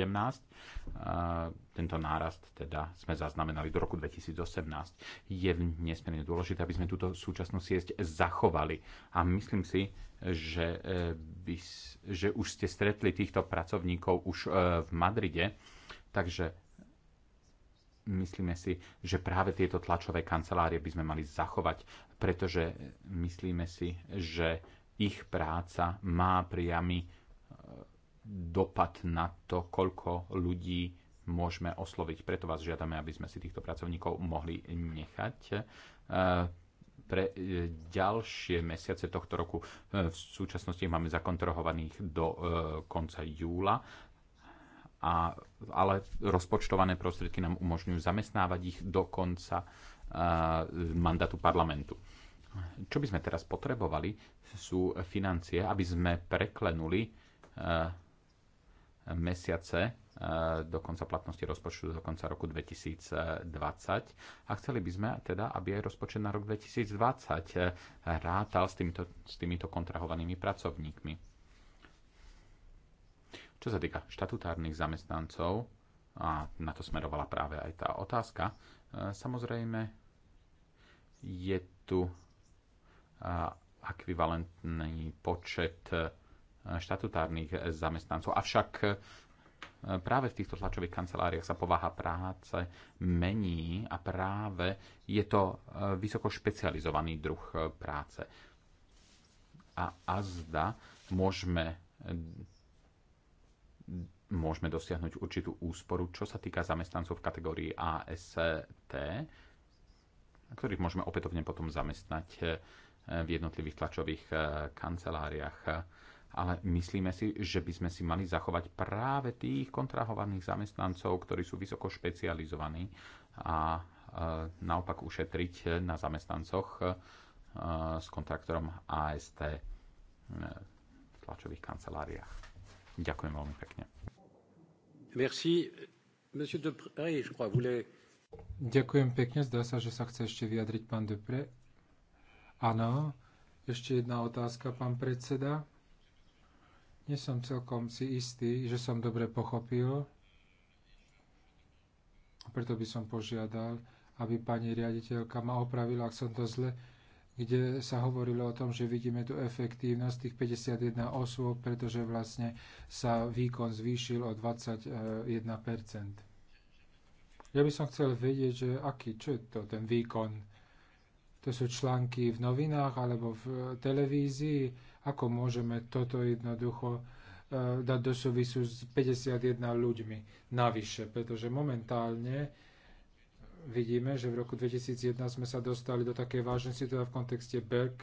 Tento nárast teda sme zaznamenali do roku 2018. Je nesmierne dôležité, aby sme túto súčasnú sieť zachovali. A myslím si, že, e, by, že už ste stretli týchto pracovníkov už e, v Madride. Takže myslíme si, že práve tieto tlačové kancelárie by sme mali zachovať, pretože myslíme si, že ich práca má priamy e, dopad na to, koľko ľudí môžeme osloviť. Preto vás žiadame, aby sme si týchto pracovníkov mohli nechať. E, pre e, ďalšie mesiace tohto roku v súčasnosti máme zakontrahovaných do konca júla a, ale rozpočtované prostriedky nám umožňujú zamestnávať ich do konca e, mandátu parlamentu. Čo by sme teraz potrebovali, sú financie, aby sme preklenuli e, mesiace e, do konca platnosti rozpočtu do konca roku 2020 a chceli by sme teda, aby aj rozpočet na rok 2020 rátal s týmito, s týmito kontrahovanými pracovníkmi. Čo sa týka štatutárnych zamestnancov, a na to smerovala práve aj tá otázka, e, samozrejme je tu e, akvivalentný počet e, štatutárnych zamestnancov. Avšak práve v týchto tlačových kanceláriách sa povaha práce mení a práve je to vysoko špecializovaný druh práce. A azda môžeme môžeme dosiahnuť určitú úsporu, čo sa týka zamestnancov v kategórii AST, ktorých môžeme opätovne potom zamestnať eh, v jednotlivých tlačových eh, kanceláriách. Ale myslíme si, že by sme si mali zachovať práve tých kontrahovaných zamestnancov, ktorí sú vysoko špecializovaní a eh, naopak ušetriť na zamestnancoch s kontraktorom AST v tlačových kanceláriách. Ďakujem veľmi pekne. Merci. Monsieur je crois, voulait... Ďakujem pekne. Zdá sa, že sa chce ešte vyjadriť pán Depre. Áno. Ešte jedna otázka, pán predseda. Nie som celkom si istý, že som dobre pochopil. Preto by som požiadal, aby pani riaditeľka ma opravila, ak som to zle kde sa hovorilo o tom, že vidíme tu efektívnosť tých 51 osôb, pretože vlastne sa výkon zvýšil o 21 Ja by som chcel vedieť, že aký, čo je to ten výkon? To sú články v novinách alebo v eh, televízii. Ako môžeme toto jednoducho eh, dať do súvisu s 51 ľuďmi navyše, pretože momentálne vidíme, že v roku 2001 sme sa dostali do také vážnej situácie v kontexte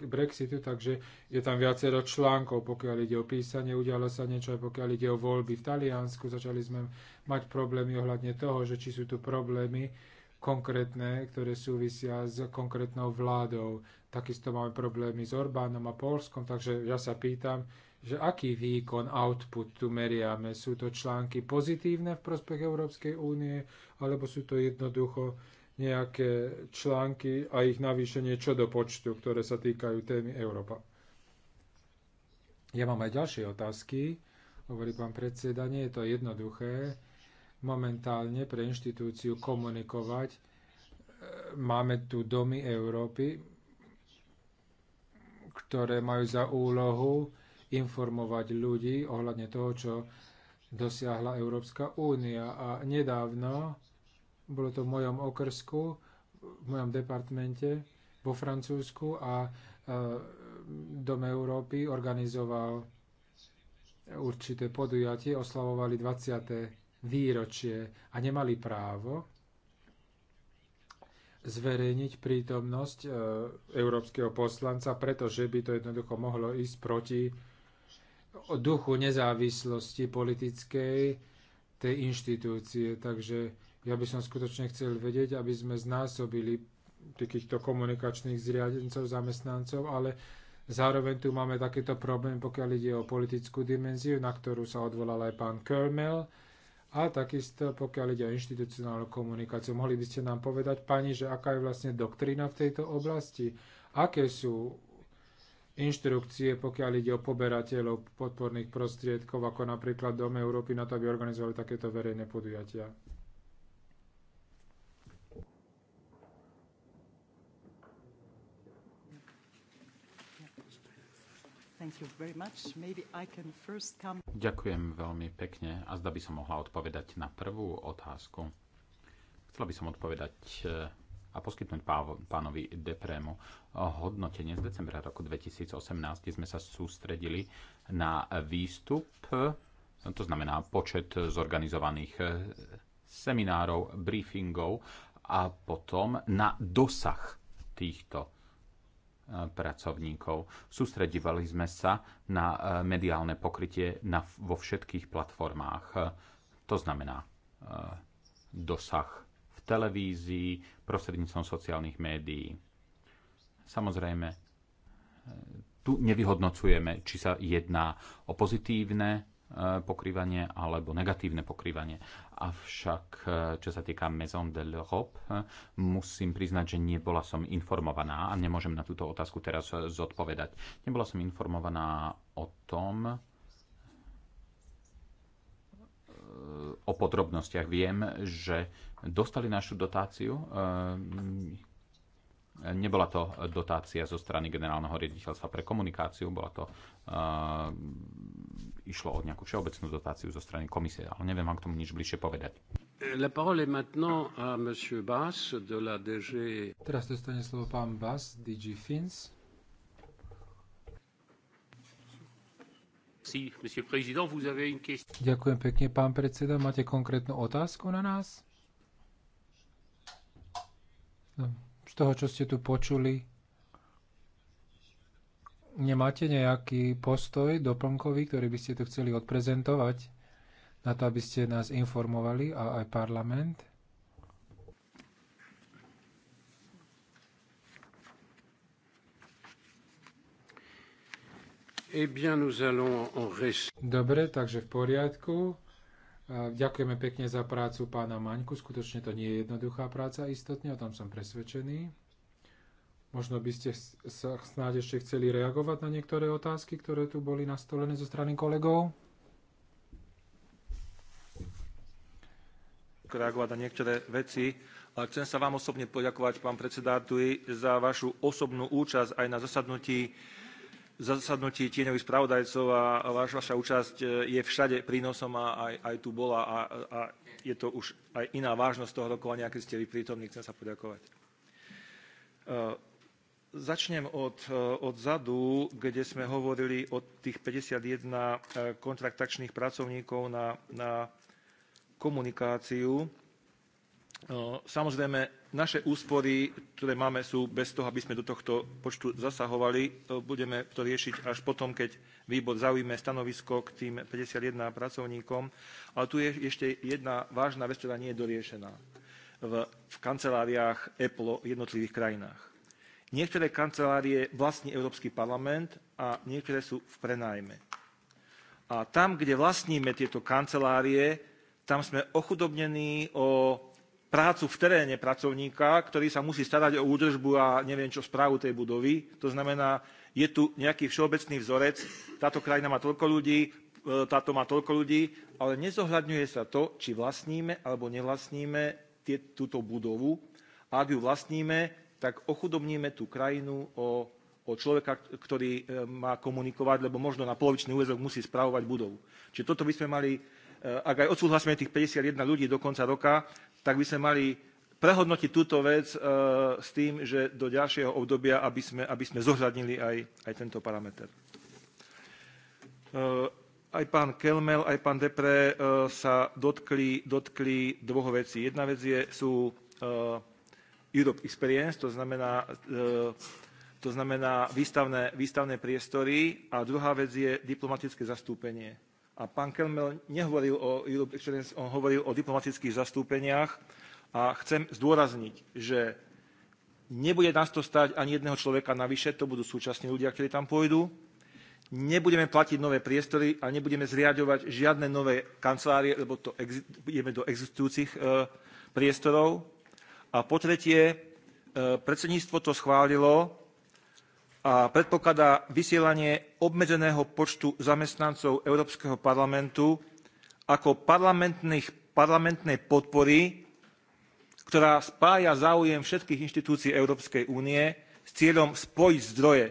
Brexitu, takže je tam viacero článkov, pokiaľ ide o písanie, udialo sa niečo aj pokiaľ ide o voľby v Taliansku, začali sme mať problémy ohľadne toho, že či sú tu problémy konkrétne, ktoré súvisia s konkrétnou vládou. Takisto máme problémy s Orbánom a Polskom, takže ja sa pýtam, že aký výkon, output tu meriame. Sú to články pozitívne v prospech Európskej únie, alebo sú to jednoducho nejaké články a ich navýšenie čo do počtu, ktoré sa týkajú témy Európa. Ja mám aj ďalšie otázky, hovorí pán predseda, nie je to jednoduché momentálne pre inštitúciu komunikovať. E, máme tu domy Európy, ktoré majú za úlohu informovať ľudí ohľadne toho, čo dosiahla Európska únia. A nedávno, bolo to v mojom okrsku, v mojom departmente vo Francúzsku a e, Dom Európy organizoval určité podujatie, oslavovali 20. výročie a nemali právo zverejniť prítomnosť e, európskeho poslanca, pretože by to jednoducho mohlo ísť proti o duchu nezávislosti politickej tej inštitúcie. Takže ja by som skutočne chcel vedieť, aby sme znásobili takýchto komunikačných zriadencov, zamestnancov, ale zároveň tu máme takýto problém, pokiaľ ide o politickú dimenziu, na ktorú sa odvolal aj pán Kermel. A takisto, pokiaľ ide o inštitucionálnu komunikáciu, mohli by ste nám povedať, pani, že aká je vlastne doktrína v tejto oblasti? Aké sú inštrukcie, pokiaľ ide o poberateľov podporných prostriedkov, ako napríklad Dom Európy, na to, aby organizovali takéto verejné podujatia. Come... Ďakujem veľmi pekne a zda by som mohla odpovedať na prvú otázku. Chcela by som odpovedať eh, a poskytnúť pánovi Deprému hodnotenie z decembra roku 2018, kde sme sa sústredili na výstup, to znamená počet zorganizovaných eh, seminárov, briefingov a potom na dosah týchto eh, pracovníkov. Sústredívali sme sa na eh, mediálne pokrytie na, vo všetkých platformách. To znamená dosah televízii, prostredníctvom sociálnych médií. Samozrejme, tu nevyhodnocujeme, či sa jedná o pozitívne e, pokrývanie alebo negatívne pokrývanie. Avšak, e, čo sa týka Maison de l'Europe, e, musím priznať, že nebola som informovaná a nemôžem na túto otázku teraz zodpovedať. Nebola som informovaná o tom, o podrobnostiach. Viem, že dostali našu dotáciu. Ehm, nebola to dotácia zo strany generálneho riaditeľstva pre komunikáciu, bola to, ehm, išlo o nejakú všeobecnú dotáciu zo strany komisie, ale neviem vám k tomu nič bližšie povedať. La parole est maintenant à monsieur Bass de la DG. Teraz dostane slovo pán Bass, DG Fins. Ďakujem pekne, pán predseda. Máte konkrétnu otázku na nás? Z toho, čo ste tu počuli, nemáte nejaký postoj doplnkový, ktorý by ste tu chceli odprezentovať na to, aby ste nás informovali a aj parlament? Eh Dobre, takže v poriadku. Ďakujeme pekne za prácu pána Maňku. Skutočne to nie je jednoduchá práca, istotne, o tom som presvedčený. Možno by ste sa snáď ešte chceli reagovať na niektoré otázky, ktoré tu boli nastolené zo strany kolegov. reagovať na niektoré veci. chcem sa vám osobne poďakovať, pán predseda za vašu osobnú účasť aj na zasadnutí zasadnutí tieňových spravodajcov a vaša, vaša účasť e, je všade prínosom a aj, aj tu bola a, a je to už aj iná vážnosť toho rokovania, keď ste vy prítomní. Chcem sa poďakovať. E, začnem od, e, od zadu, kde sme hovorili o tých 51 kontraktačných pracovníkov na, na komunikáciu. Samozrejme, naše úspory, ktoré máme, sú bez toho, aby sme do tohto počtu zasahovali. Budeme to riešiť až potom, keď výbor zaujíme stanovisko k tým 51 pracovníkom. Ale tu je ešte jedna vážna vec, ktorá nie je doriešená v, v kanceláriách Apple v jednotlivých krajinách. Niektoré kancelárie vlastní Európsky parlament a niektoré sú v prenajme. A tam, kde vlastníme tieto kancelárie, tam sme ochudobnení o prácu v teréne pracovníka, ktorý sa musí starať o údržbu a neviem čo správu tej budovy. To znamená, je tu nejaký všeobecný vzorec, táto krajina má toľko ľudí, e, táto má toľko ľudí, ale nezohľadňuje sa to, či vlastníme alebo nevlastníme túto budovu. A ak ju vlastníme, tak ochudobníme tú krajinu o, o človeka, ktorý e, má komunikovať, lebo možno na polovičný úvezok musí spravovať budovu. Čiže toto by sme mali e, ak aj odsúhlasíme tých 51 ľudí do konca roka, tak by sme mali prehodnotiť túto vec eh, s tým, že do ďalšieho obdobia, aby sme, aby sme zohľadnili aj, aj tento parameter. Eh, aj pán Kelmel, aj pán Depre eh, sa dotkli, dotkli dvoch vecí. Jedna vec je, sú Europe Experience, to znamená, to znamená výstavné, výstavné priestory a druhá vec je diplomatické zastúpenie. A pán Kelmel nehovoril o Europe Excellence, on hovoril o diplomatických zastúpeniach. A chcem zdôrazniť, že nebude nás to stať ani jedného človeka navyše, to budú súčasní ľudia, ktorí tam pôjdu. Nebudeme platiť nové priestory a nebudeme zriadovať žiadne nové kancelárie, lebo to ideme do existujúcich e, priestorov. A po tretie, e, predsedníctvo to schválilo a predpokladá vysielanie obmedzeného počtu zamestnancov Európskeho parlamentu ako parlamentnej podpory, ktorá spája záujem všetkých inštitúcií Európskej únie s cieľom spojiť zdroje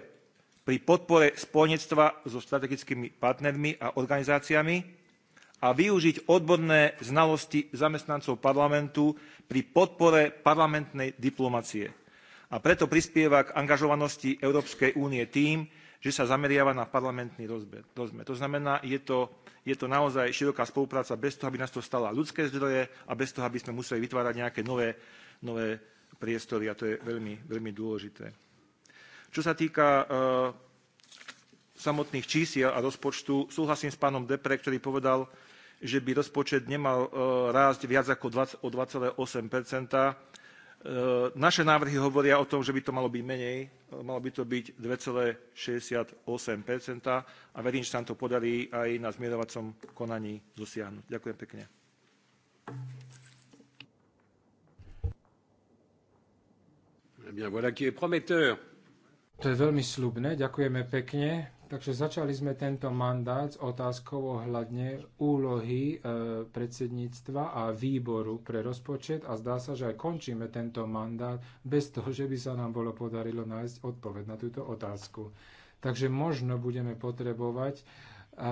pri podpore spojenectva so strategickými partnermi a organizáciami a využiť odborné znalosti zamestnancov parlamentu pri podpore parlamentnej diplomacie a preto prispieva k angažovanosti Európskej únie tým, že sa zameriava na parlamentný rozmer. To znamená, je to, je to naozaj široká spolupráca bez toho, aby nás to stala ľudské zdroje a bez toho, aby sme museli vytvárať nejaké nové, nové priestory a to je veľmi, veľmi dôležité. Čo sa týka uh, samotných čísiel a rozpočtu, súhlasím s pánom Depre, ktorý povedal, že by rozpočet nemal uh, rásť viac ako 20, o 2,8 E, naše návrhy hovoria o tom, že by to malo byť menej, e, malo by to byť 2,68 a verím, že sa nám to podarí aj na zmierovacom konaní dosiahnuť. Ďakujem pekne. Eh to je veľmi slubné, ďakujeme pekne. Takže začali sme tento mandát s otázkou ohľadne úlohy e, predsedníctva a výboru pre rozpočet a zdá sa, že aj končíme tento mandát bez toho, že by sa nám bolo podarilo nájsť odpoveď na túto otázku. Takže možno budeme potrebovať e,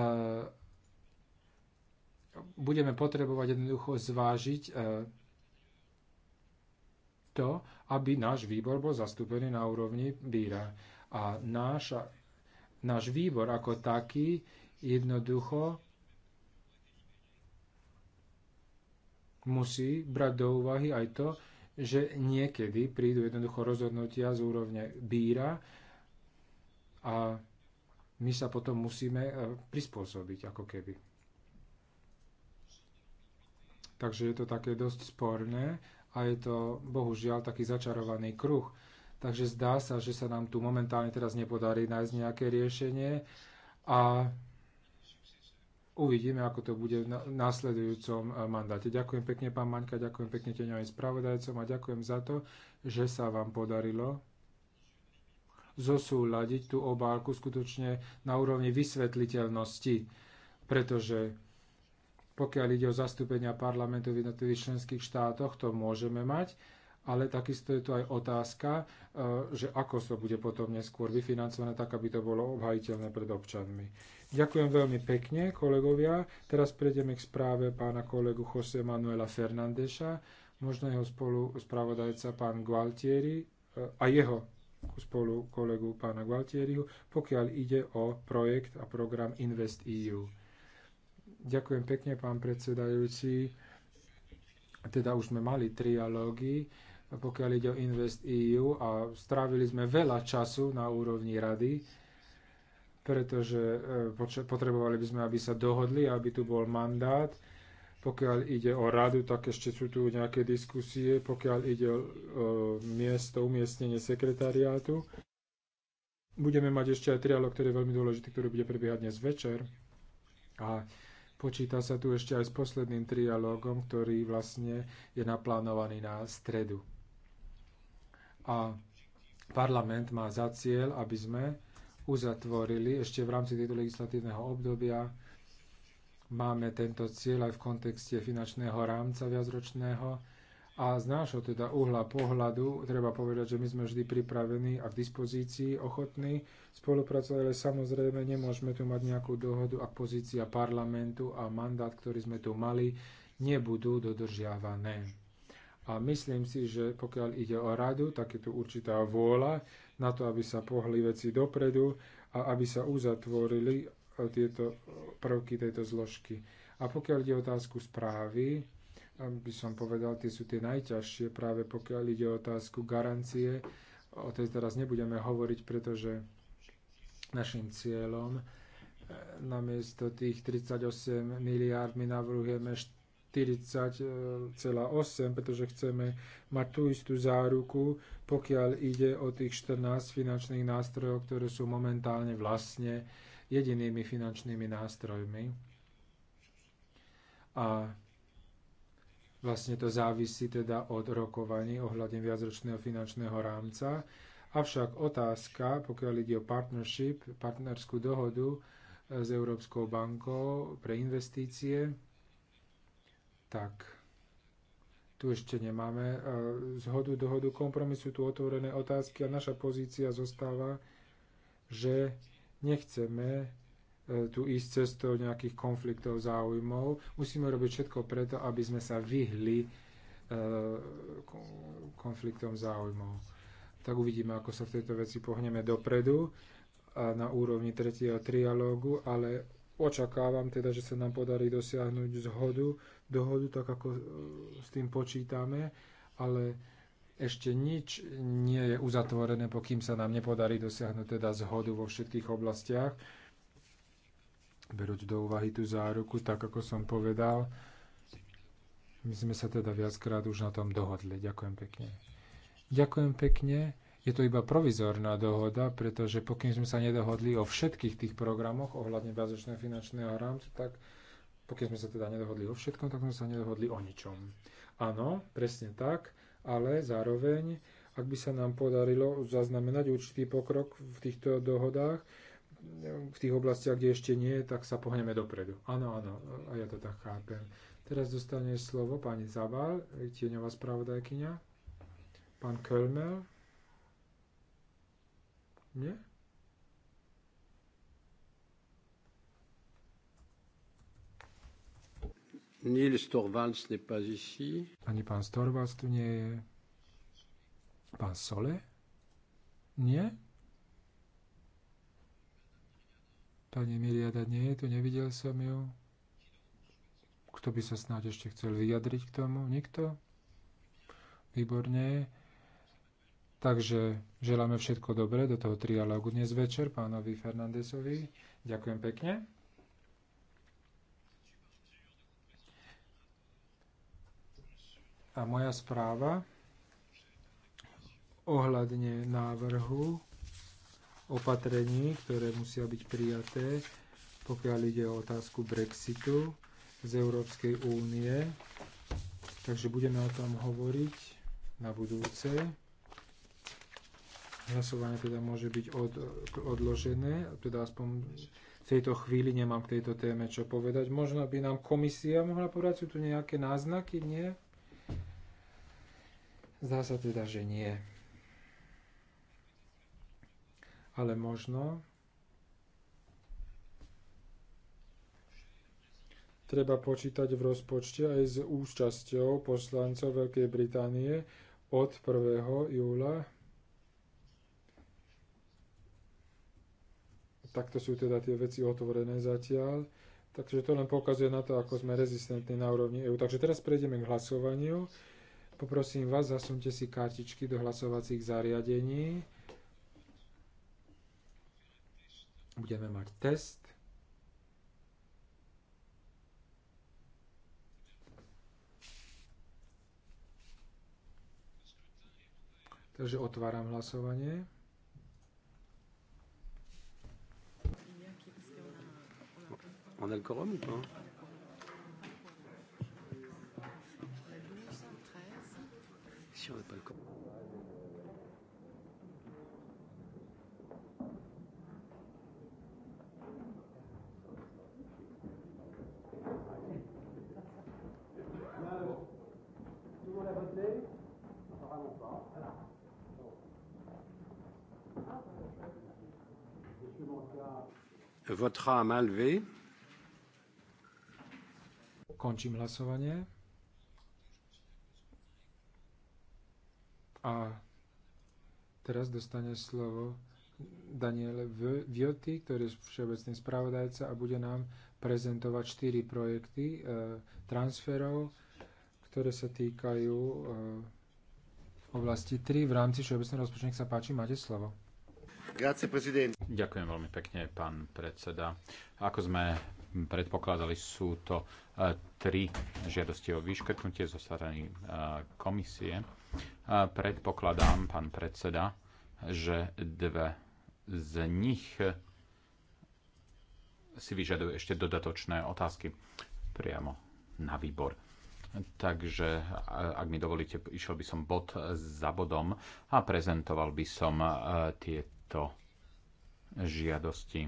budeme potrebovať jednoducho zvážiť e, to, aby náš výbor bol zastúpený na úrovni Bíra. A náša náš výbor ako taký jednoducho musí brať do úvahy aj to, že niekedy prídu jednoducho rozhodnutia z úrovne bíra a my sa potom musíme e, prispôsobiť ako keby. Takže je to také dosť sporné a je to bohužiaľ taký začarovaný kruh. Takže zdá sa, že sa nám tu momentálne teraz nepodarí nájsť nejaké riešenie a uvidíme, ako to bude v následujúcom eh, mandáte. Ďakujem pekne, pán Maňka, ďakujem pekne teňovým spravodajcom a ďakujem za to, že sa vám podarilo zosúľadiť tú obálku skutočne na úrovni vysvetliteľnosti, pretože pokiaľ ide o zastúpenia parlamentu v jednotlivých členských štátoch, to môžeme mať, ale takisto je tu aj otázka, e, že ako sa so bude potom neskôr vyfinancované, tak aby to bolo obhajiteľné pred občanmi. Ďakujem veľmi pekne, kolegovia. Teraz prejdeme k správe pána kolegu Jose Manuela Fernandeša, možno jeho spolu spravodajca pán Gualtieri e, a jeho spolu kolegu pána Gualtieriu, pokiaľ ide o projekt a program Invest EU. Ďakujem pekne, pán predsedajúci. Teda už sme mali trialógy pokiaľ ide o Invest EU a strávili sme veľa času na úrovni rady, pretože e, potrebovali by sme, aby sa dohodli, aby tu bol mandát. Pokiaľ ide o radu, tak ešte sú tu nejaké diskusie, pokiaľ ide o, miesto, umiestnenie sekretariátu. Budeme mať ešte aj trialog, ktorý je veľmi dôležitý, ktorý bude prebiehať dnes večer. A počíta sa tu ešte aj s posledným trialogom, ktorý vlastne je naplánovaný na stredu a parlament má za cieľ, aby sme uzatvorili ešte v rámci tejto legislatívneho obdobia. Máme tento cieľ aj v kontexte finančného rámca viacročného. A z nášho teda uhla pohľadu treba povedať, že my sme vždy pripravení a k dispozícii, ochotní spolupracovať, ale samozrejme nemôžeme tu mať nejakú dohodu, ak pozícia parlamentu a mandát, ktorý sme tu mali, nebudú dodržiavané. A myslím si, že pokiaľ ide o radu, tak je tu určitá vôľa na to, aby sa pohli veci dopredu a aby sa uzatvorili e, tieto prvky tejto zložky. A pokiaľ ide o otázku správy, e, by som povedal, tie sú tie najťažšie, práve pokiaľ ide o otázku garancie. O tej teraz nebudeme hovoriť, pretože našim cieľom e, namiesto tých 38 miliárd my navrhujeme 40,8, e, pretože chceme mať tú istú záruku, pokiaľ ide o tých 14 finančných nástrojov, ktoré sú momentálne vlastne jedinými finančnými nástrojmi. A vlastne to závisí teda od rokovaní ohľadne viacročného finančného rámca. Avšak otázka, pokiaľ ide o partnership, partnerskú dohodu e, s Európskou bankou pre investície, tak tu ešte nemáme e, zhodu, dohodu, kompromisu tu otvorené otázky a naša pozícia zostáva, že nechceme e, tu ísť cestou nejakých konfliktov záujmov. Musíme robiť všetko preto, aby sme sa vyhli e, konfliktom záujmov. Tak uvidíme, ako sa v tejto veci pohneme dopredu na úrovni tretieho trialógu, ale očakávam teda, že sa nám podarí dosiahnuť zhodu dohodu, tak ako e, s tým počítame, ale ešte nič nie je uzatvorené, pokým sa nám nepodarí dosiahnuť teda zhodu vo všetkých oblastiach. Berúť do úvahy tú záruku, tak ako som povedal, my sme sa teda viackrát už na tom dohodli. Ďakujem pekne. Ďakujem pekne. Je to iba provizorná dohoda, pretože pokým sme sa nedohodli o všetkých tých programoch ohľadne bazočného finančného rámcu, tak pokiaľ sme sa teda nedohodli o všetkom, tak sme sa nedohodli o ničom. Áno, presne tak, ale zároveň, ak by sa nám podarilo zaznamenať určitý pokrok v týchto dohodách, v tých oblastiach, kde ešte nie, tak sa pohneme dopredu. Áno, áno, a ja to tak chápem. Teraz dostane slovo pani Zabal, tieňová spravodajkynia. pán Kölmel. Nie? Nils Torvalds n'est pas ici. Ani pán Storvalds tu nie je. Pán Sole? Nie? Pani Miriada nie je tu, nevidel som ju. Kto by sa snáď ešte chcel vyjadriť k tomu? Nikto? Výborne. Takže želáme všetko dobré do toho trialógu dnes večer pánovi Fernandesovi. Ďakujem pekne. A moja správa ohľadne návrhu opatrení, ktoré musia byť prijaté, pokiaľ ide o otázku Brexitu z Európskej únie. Takže budeme o tom hovoriť na budúce. Hlasovanie teda môže byť od, odložené, teda aspoň v tejto chvíli nemám k tejto téme čo povedať. Možno by nám komisia mohla povedať, sú tu nejaké náznaky, nie? Zdá sa teda, že nie. Ale možno treba počítať v rozpočte aj s účasťou poslancov Veľkej Británie od 1. júla. Takto sú teda tie veci otvorené zatiaľ. Takže to len pokazuje na to, ako sme rezistentní na úrovni EU. Takže teraz prejdeme k hlasovaniu. Poprosím vás, zasunte si kartičky do hlasovacích zariadení. Budeme mať test. Takže otváram hlasovanie. On a le quorum ou pas commission et pas le Votera a mal levé. Končím hlasovanie. A teraz dostane slovo Daniel Vioty, ktorý je všeobecný spravodajca a bude nám prezentovať štyri projekty e, transferov, ktoré sa týkajú e, oblasti 3 v rámci všeobecného rozpočtu. Nech sa páči, máte slovo. Ďakujem veľmi pekne, pán predseda. Ako sme predpokladali, sú to e, tri žiadosti o vyškrtnutie zo strany e, komisie. E, predpokladám, pán predseda, že dve z nich si vyžadujú ešte dodatočné otázky priamo na výbor. Takže, ak mi dovolíte, išiel by som bod za bodom a prezentoval by som tieto žiadosti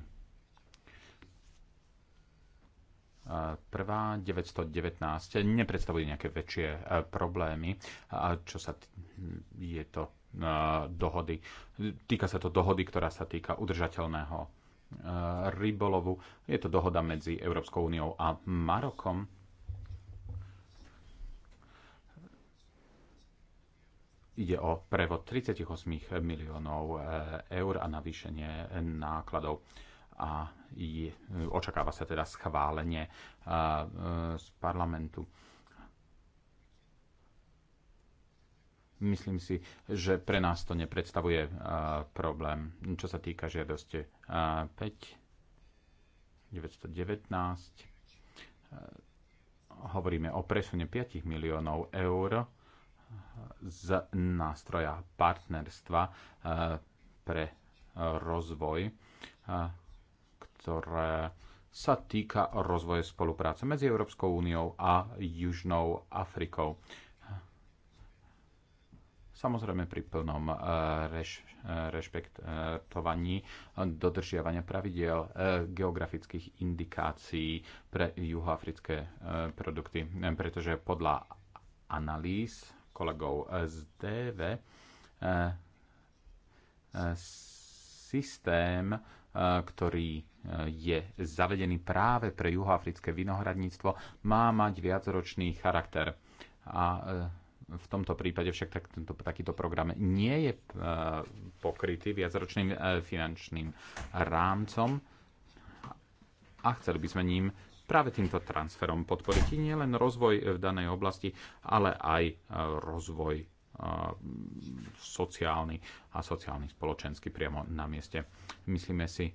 prvá 919 nepredstavuje nejaké väčšie e, problémy, čo sa je to e, dohody. Týka sa to dohody, ktorá sa týka udržateľného e, rybolovu. Je to dohoda medzi Európskou úniou a Marokom. Ide o prevod 38 miliónov eur a navýšenie nákladov a je, očakáva sa teda schválenie e, z parlamentu. Myslím si, že pre nás to nepredstavuje e, problém. Čo sa týka žiadosti 5, e, 919, hovoríme o presune 5 miliónov eur z nástroja partnerstva pre rozvoj ktoré sa týka rozvoje spolupráce medzi Európskou úniou a Južnou Afrikou. Samozrejme pri plnom eh, reš, eh, rešpektovaní dodržiavania pravidiel eh, geografických indikácií pre juhoafrické produkty, pretože podľa analýz kolegov z DV systém, ktorý je zavedený práve pre juhoafrické vinohradníctvo, má mať viacročný charakter. A e, v tomto prípade však tak, tento, takýto program nie je e, pokrytý viacročným e, finančným rámcom a chceli by sme ním práve týmto transferom podporiť nie len rozvoj v danej oblasti, ale aj rozvoj sociálny a sociálny spoločenský priamo na mieste. Myslíme si,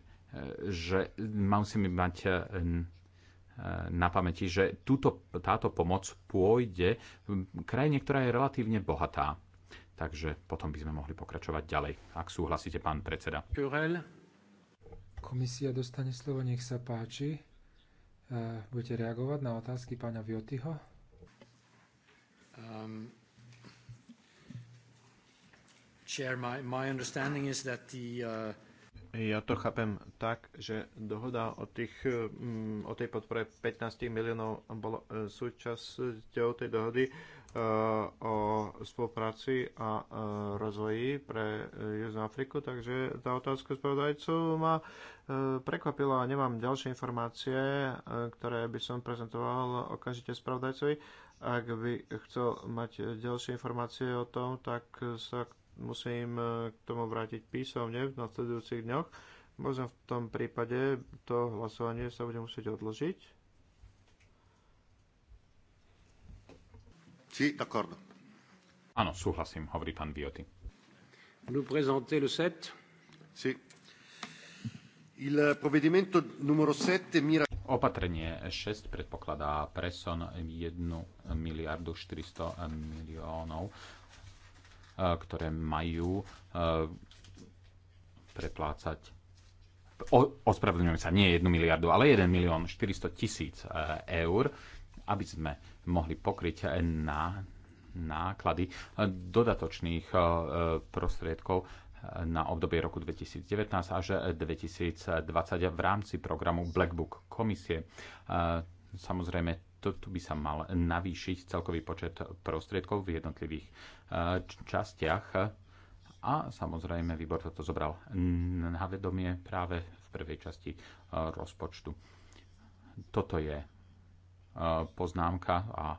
že musíme mať e, e, na pamäti, že túto, táto pomoc pôjde v krajine, ktorá je relatívne bohatá. Takže potom by sme mohli pokračovať ďalej, ak súhlasíte, pán predseda. Jurel. Komisia dostane slovo, nech sa páči. E, budete reagovať na otázky pána Viotyho? Um, chair, my, my understanding is that the uh, ja to chápem tak, že dohoda o, tých, mm, o tej podpore 15 miliónov bola e, súčasťou tej dohody e, o spolupráci a e, rozvoji pre Južnú Afriku, takže tá otázka spravodajcu ma prekvapila a nemám ďalšie informácie, ktoré by som prezentoval okamžite spravodajcovi. Ak by chcel mať ďalšie informácie o tom, tak sa k musím e, k tomu vrátiť písomne v nasledujúcich dňoch. Možno v tom prípade to hlasovanie sa bude musieť odložiť. Si, d'accord. Áno, súhlasím, hovorí pán Bioty. Nous présenter le 7? Si. Il provvedimento numero 7 mira... Opatrenie 6 predpokladá presun 1 miliardu 400 miliónov ktoré majú e, preplácať ospravedlňujem sa, nie 1 miliardu, ale 1 milión 400 tisíc e, eur, aby sme mohli pokryť na náklady dodatočných e, prostriedkov na obdobie roku 2019 až 2020 v rámci programu Blackbook komisie. Samozrejme, to, tu by sa mal navýšiť celkový počet prostriedkov v jednotlivých e, častiach. A samozrejme, výbor toto zobral na vedomie práve v prvej časti e, rozpočtu. Toto je e, poznámka a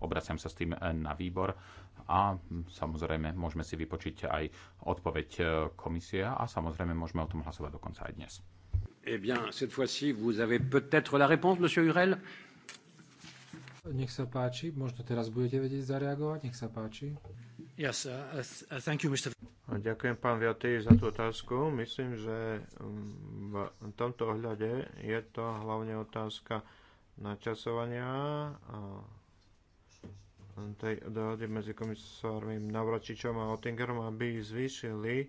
obraciam sa s tým na výbor a samozrejme môžeme si vypočiť aj odpoveď komisie a samozrejme môžeme o tom hlasovať dokonca aj dnes. Eh bien, cette fois-ci, vous avez peut-être la réponse, monsieur Hurel nech sa páči, možno teraz budete vedieť zareagovať, nech sa páči. Yes, uh, uh, thank you, Mr. Ďakujem, pán Viaty, za tú otázku. Myslím, že um, v tomto ohľade je to hlavne otázka načasovania tej dohody medzi komisármi Navračičom a Ottingerom, aby zvýšili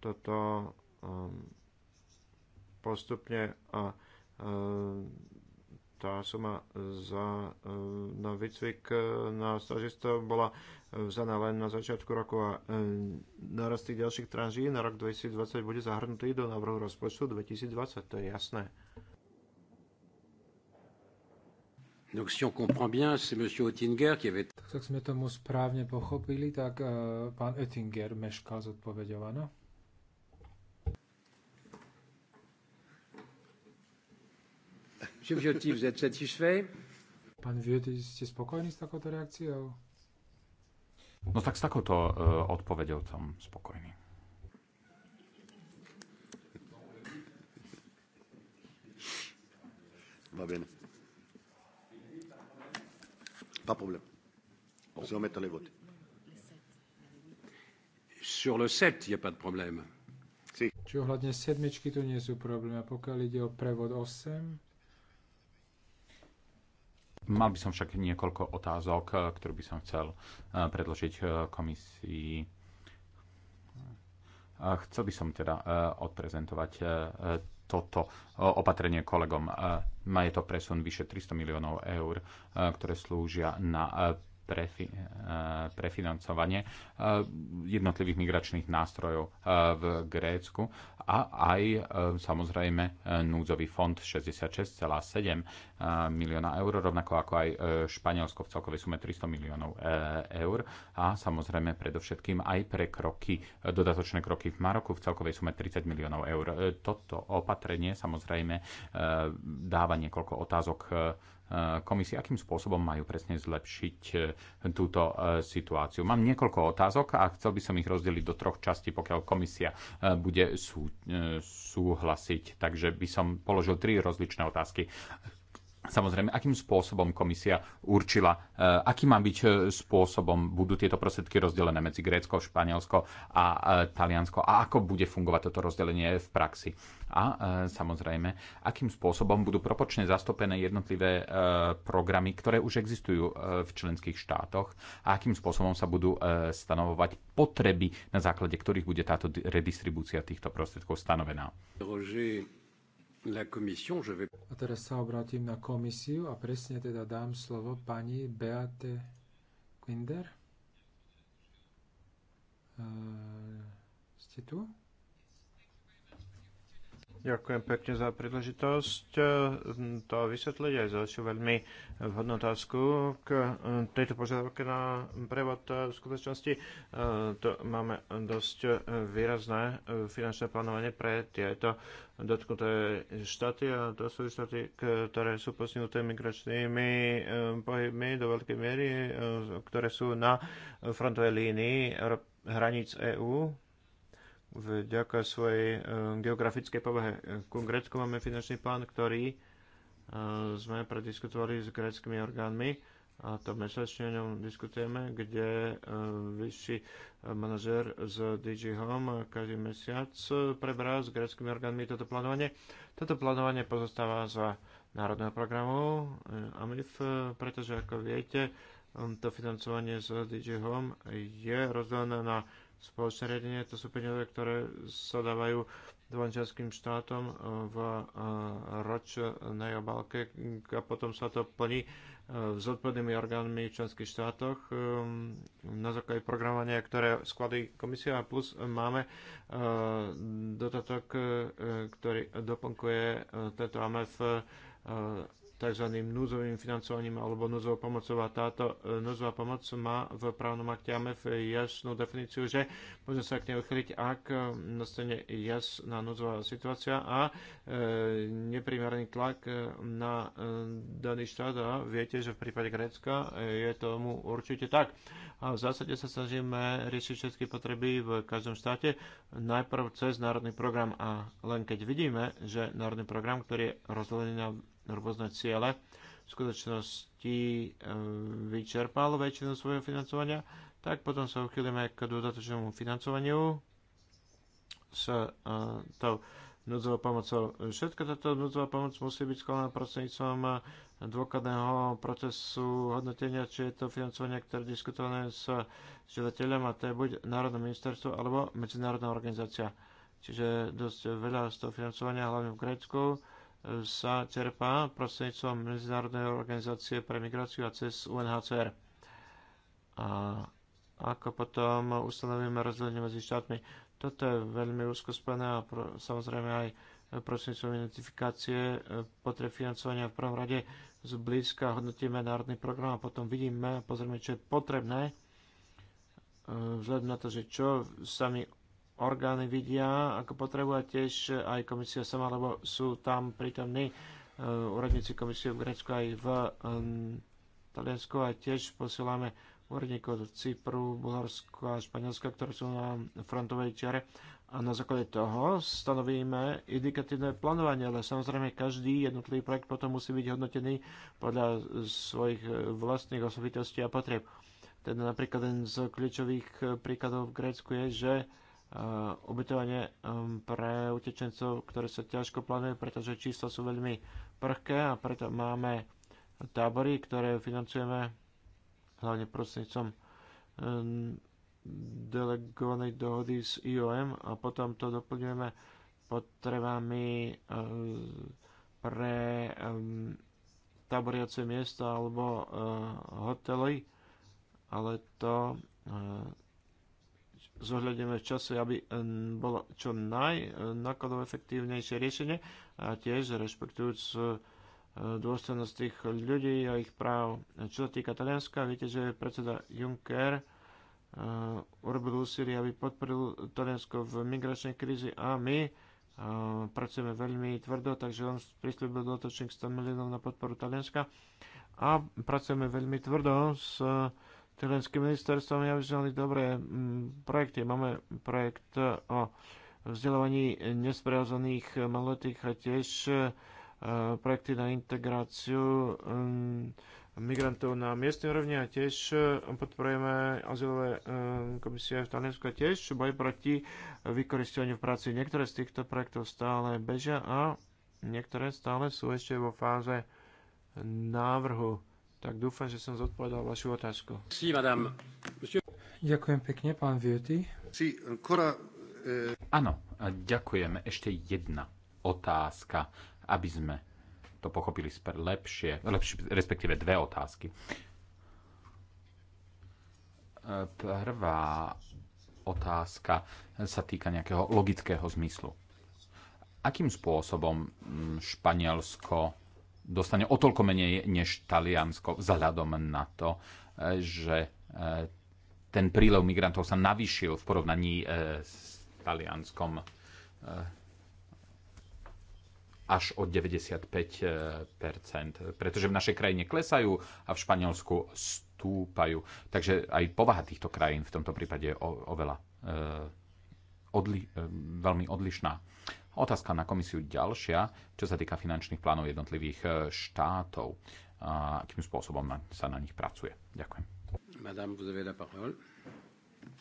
toto um, postupne a uh, tá suma za, e, na výcvik e, na stažistov bola vzaná len na začiatku roku a e, naraz tých ďalších tranží na rok 2020 bude zahrnutý do návrhu rozpočtu 2020, to je jasné. Donc si on comprend bien, c'est monsieur Oettinger qui avait... Tak, sme tomu správne pochopili, tak uh, pán Oettinger meškal zodpovedovano. Monsieur Viotti, vous êtes satisfait? Pán Viotti, ste spokojní s takouto reakciou? No tak s takouto uh, e, odpovedou som spokojný. Va bene. Pas problème. On Possiamo mettere les votes. Sur le 7, il n'y a pas de problème. Si. Či ohľadne sedmičky tu nie sú problémy. A pokiaľ ide o prevod 8, Mal by som však niekoľko otázok, eh, ktoré by som chcel eh, predložiť eh, komisii. Chcel by som teda odprezentovať toto opatrenie kolegom. Má je to presun vyše 300 miliónov eur, ktoré slúžia na prefi, eh, prefinancovanie eh, jednotlivých migračných nástrojov eh, v Grécku a aj samozrejme núdzový fond 66,7 milióna eur, rovnako ako aj Španielsko v celkovej sume 300 miliónov eur a samozrejme predovšetkým aj pre kroky, dodatočné kroky v Maroku v celkovej sume 30 miliónov eur. Toto opatrenie samozrejme dáva niekoľko otázok komisie, akým spôsobom majú presne zlepšiť e, túto e, situáciu. Mám niekoľko otázok a chcel by som ich rozdeliť do troch častí, pokiaľ komisia e, bude sú, súhlasiť. Takže by som položil tri rozličné otázky. Samozrejme, akým spôsobom komisia určila, eh, akým má byť eh, spôsobom budú tieto prostriedky rozdelené medzi Grécko, Španielsko a eh, Taliansko a ako bude fungovať toto rozdelenie v praxi. A samozrejme, akým spôsobom budú propočne zastopené jednotlivé programy, ktoré už existujú v členských štátoch a akým spôsobom sa budú stanovovať potreby, na základe ktorých bude táto redistribúcia týchto prostriedkov stanovená. Roger. A teraz sa obrátim na komisiu a presne teda dám slovo pani Beate Quinder. Uh, ste tu? Ďakujem pekne za príležitosť eh, to vysvetliť aj ďalšiu veľmi vhodnú otázku k eh, tejto požiadavke na prevod eh, v skutočnosti. To máme dosť výrazné finančné plánovanie pre tieto dotknuté štáty a to sú štáty, ktoré sú posunuté migračnými pohybmi do veľkej miery, ktoré sú na frontovej línii hraníc EÚ vďaka svojej e, geografickej povahe. E, ku Grécku máme finančný plán, ktorý e, sme prediskutovali s gréckými orgánmi a to mesačne o ňom diskutujeme, kde vyšší manažer z DG Home každý mesiac preberá s greckými orgánmi toto plánovanie. Toto plánovanie pozostáva z národného programu AMIF, pretože ako viete, to financovanie z DG Home je rozdelené na spoločné riadenie. To sú peniaze, ktoré sa dávajú dvojčanským štátom e, v e, ročnej obálke a potom sa to plní s e, odpovednými orgánmi v členských štátoch na základe programovania, ktoré skladí komisia a plus máme dodatok, ktorý doplnkuje tento AMF tzv. núzovým financovaním alebo núzovou pomocou a táto e, núzová pomoc má v právnom akte AMF jasnú definíciu, že môžeme sa k nej uchyliť, ak e, nastane jasná núzová situácia a e, neprimeraný tlak e, na daný štát a viete, že v prípade Grécka je tomu určite tak. A v zásade sa snažíme riešiť všetky potreby v každom štáte najprv cez národný program a len keď vidíme, že národný program, ktorý je rozdelený na rôzne ciele, v skutočnosti e, vyčerpal väčšinu svojho financovania, tak potom sa uchýlime k dodatočnému financovaniu s e, tou núdzovou pomocou. Všetko táto núdzová pomoc musí byť skládaná prostredníctvom dôkladného procesu hodnotenia, či je to financovanie, ktoré je diskutované s žiadateľom a to je buď Národné ministerstvo alebo medzinárodná organizácia. Čiže dosť veľa z toho financovania, hlavne v Grécku, sa čerpá prostredníctvom Medzinárodnej organizácie pre migráciu a cez UNHCR. A ako potom ustanovíme rozdelenie medzi štátmi. Toto je veľmi úzko spojené a pro, samozrejme aj prostredníctvom identifikácie e, potreb financovania v prvom rade zblízka hodnotíme národný program a potom vidíme, pozrieme, čo je potrebné e, vzhľadom na to, že čo sa mi orgány vidia ako potrebu a tiež e, aj komisia sama, lebo sú tam prítomní e, úradníci komisie v Grécku aj v Taliansku a tiež posielame úradníkov do Cypru, Bulharsku a Španielska, ktoré sú na frontovej čiare. A na základe toho stanovíme indikatívne plánovanie, ale samozrejme každý jednotlivý projekt potom musí byť hodnotený podľa svojich e, vlastných osobitostí a potrieb. Teda napríklad jeden z kľúčových príkladov v Grécku je, že ubytovanie eh, eh, pre utečencov, ktoré sa ťažko plánuje, pretože čísla sú veľmi prhké a preto máme tábory, ktoré financujeme hlavne prostrednícom eh, delegovanej dohody s IOM a potom to doplňujeme potrebami pre táboriace miesta alebo hotely, ale to zohľadneme v čase, aby bolo čo najnákladovo eh, efektívnejšie riešenie a tiež rešpektujúc eh, dôstojnosť tých ľudí a ich práv. Čo sa týka Talianska, viete, že predseda Juncker eh, urobil úsilie, aby podporil Taliansko v migračnej krízi a my pracujeme veľmi tvrdo, takže on prislúbil dotočník 100 miliónov na podporu Talianska a pracujeme veľmi tvrdo s talianským ministerstvom, aby sme dobré mm, projekty. Máme projekt o vzdelávaní nespriazaných maloletých a tiež e, projekty na integráciu mm, migrantov na miestnej úrovni a tiež e, podporujeme azylové e, komisie v Taliansku a tiež boj proti vykoristovaniu v práci. Niektoré z týchto projektov stále bežia a niektoré stále sú ešte vo fáze návrhu. Tak dúfam, že som zodpovedal vašu otázku. Sí, madame. Monsieur... Ďakujem pekne, pán Vioty. Sí, kora, e... Eh, Áno, ďakujem. Ešte jedna otázka, aby sme to pochopili lepšie, lepšie, respektíve dve otázky. Eh, prvá otázka sa týka nejakého logického zmyslu. Akým spôsobom mm, Španielsko dostane o toľko menej než Taliansko vzhľadom na to, e, že e, ten prílev migrantov sa navýšil v porovnaní e, s Talianskom až o 95 pretože v našej krajine klesajú a v Španielsku stúpajú. Takže aj povaha týchto krajín v tomto prípade je oveľa odli, veľmi odlišná. Otázka na komisiu ďalšia, čo sa týka finančných plánov jednotlivých eh, štátov. A akým spôsobom sa na nich pracuje? Ďakujem. Madame, vous avez la parole.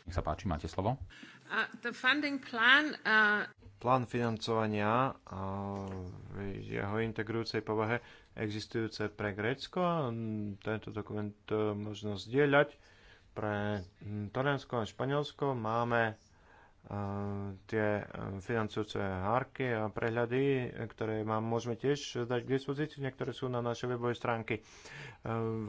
Nech sa páči, máte slovo. Uh, the funding plan, uh... Plán financovania v eh, jeho integrujúcej povahe existujúce pre Grécko. Mm, tento dokument možno zdieľať. Pre mm, Taliansko a Španielsko máme tie e, financujúce hárky a prehľady, ktoré vám môžeme tiež dať k dispozícii, niektoré sú na našej webovej stránky. E,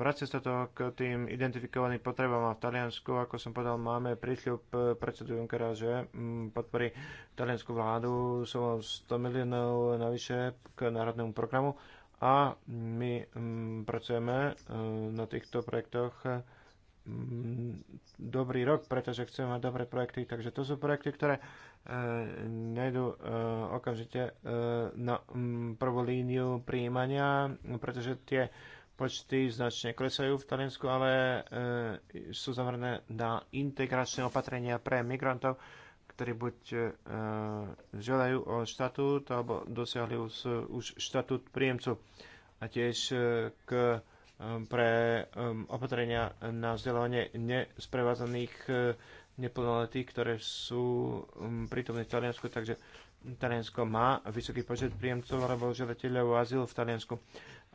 vracia sa to k tým identifikovaným potrebám a v Taliansku, ako som povedal, máme prísľub predsedu Junckera, že podporí taliansku vládu som 100 miliónov navyše k národnému programu a my pracujeme e, na týchto projektoch Mm, dobrý rok, pretože chceme mať dobré projekty. Takže to sú projekty, ktoré e, nejdu e, okamžite e, na m, mm, prvú líniu príjmania, pretože tie počty značne klesajú v Talensku, ale e, sú zamerané na integračné opatrenia pre migrantov, ktorí buď e, želajú o štatút alebo dosiahli už, už štatút príjemcu. A tiež e, k e, Um, pre um, opatrenia na vzdelávanie nesprevádzaných uh, neplnoletých, ktoré sú um, prítomné v Taliansku, takže Taliansko má vysoký počet príjemcov alebo žiadateľov o azyl v Taliansku.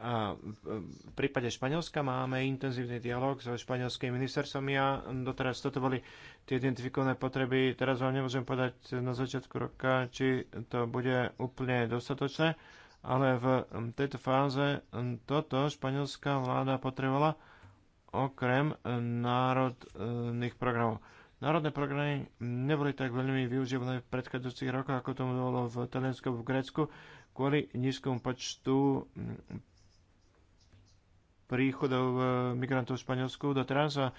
A v prípade Španielska máme intenzívny dialog so španielským ministerstvom a doteraz toto boli tie identifikované potreby. Teraz vám nemôžem povedať na začiatku roka, či to bude úplne dostatočné ale v tejto fáze toto španielská vláda potrebovala okrem národných programov. Národné programy neboli tak veľmi využívané v predchádzajúcich rokoch, ako tomu bolo v Taliansku v Grécku, kvôli nízkom počtu príchodov e, migrantov v Španielsku doteraz a e,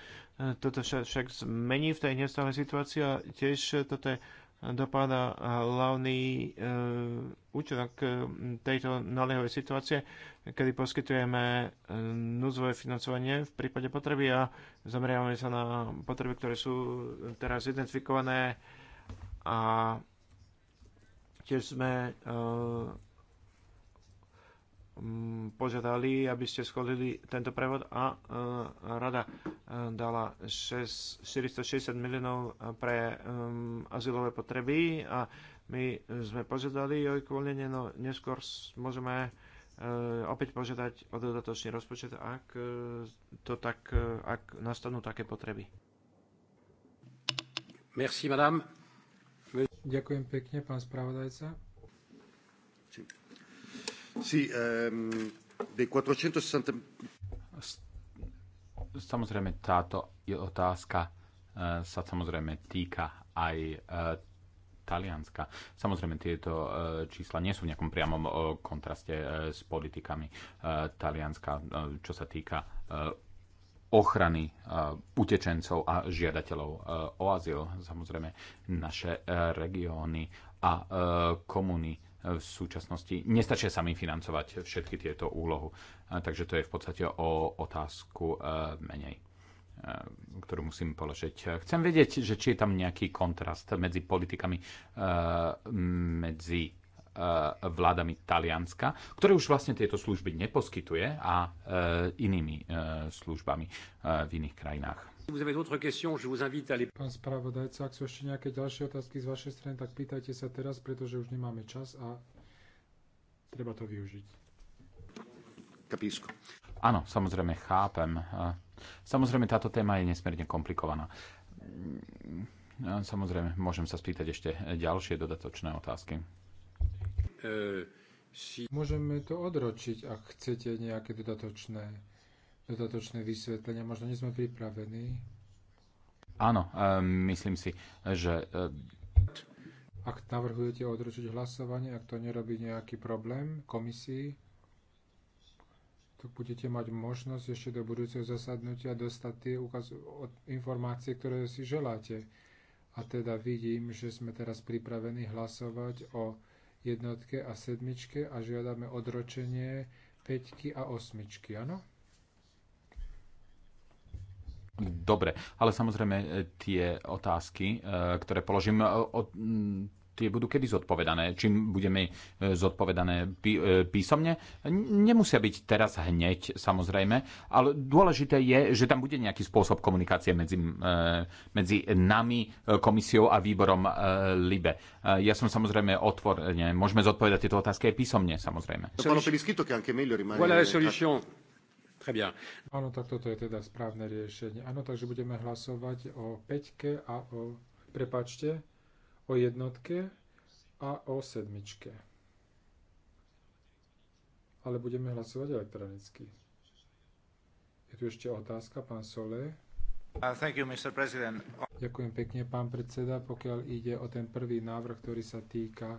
toto však zmení v tej nestálej situácii a tiež e, toto je dopadá hlavný e, účinok eh, tejto naliehovej situácie, kedy poskytujeme eh, núdzové financovanie v prípade potreby a zameriavame sa na potreby, ktoré sú teraz identifikované a tiež sme e, Mm, požiadali, aby ste schválili tento prevod a uh, rada uh, dala 6, 460 miliónov pre um, azylové potreby a my sme požiadali o ekvivalenie, no neskôr môžeme uh, opäť požiadať o dodatočný rozpočet, ak, uh, to tak, uh, ak nastanú také potreby. Merci, madame. Ďakujem pekne, pán spravodajca. Ďakujem. Sí, um, de 460... Samozrejme, táto otázka eh, sa samozrejme týka aj eh, Talianska. Samozrejme, tieto eh, čísla nie sú v nejakom priamom kontraste s politikami Talianska, čo sa týka ochrany utečencov a žiadateľov o azyl. Samozrejme, naše regióny a komuny v súčasnosti nestačia sami financovať všetky tieto úlohy. Takže to je v podstate o otázku e, menej e, ktorú musím položiť. Chcem vedieť, že či je tam nejaký kontrast medzi politikami, e, medzi vládami Talianska, ktoré už vlastne tieto služby neposkytuje a inými službami v iných krajinách. Pán spravodajca, ak sú ešte nejaké ďalšie otázky z vašej strany, tak pýtajte sa teraz, pretože už nemáme čas a treba to využiť. Kapísko. Áno, samozrejme, chápem. Samozrejme, táto téma je nesmierne komplikovaná. Mm, samozrejme, môžem sa spýtať ešte ďalšie dodatočné otázky. E, Môžeme to odročiť, ak chcete nejaké dodatočné dodatočné vysvetlenia. Možno nie sme pripravení. Áno, e, myslím si, že... E, ak navrhujete odročiť hlasovanie, ak to nerobí nejaký problém komisii, tak budete mať možnosť ešte do budúceho zasadnutia dostať tie ukaz- informácie, ktoré si želáte. A teda vidím, že sme teraz pripravení hlasovať o jednotke a sedmičke a žiadame odročenie peťky a osmičky, áno? Dobre, ale samozrejme e, tie otázky, e, ktoré položím, e, tie budú kedy zodpovedané? Čím budeme zodpovedané písomne? Nemusia byť teraz hneď, samozrejme, ale dôležité je, že tam bude nejaký spôsob komunikácie medzi, medzi nami, komisiou a výborom LIBE. Ja som samozrejme otvorený. Môžeme zodpovedať tieto otázky aj písomne, samozrejme. Sono la soluzione? Très bien. Áno, tak toto je teda správne riešenie. Áno, takže budeme hlasovať o peťke a o, prepačte, o jednotke a o sedmičke. Ale budeme hlasovať elektronicky. Je tu ešte otázka, pán Solé. Uh, you, Ďakujem pekne, pán predseda. Pokiaľ ide o ten prvý návrh, ktorý sa týka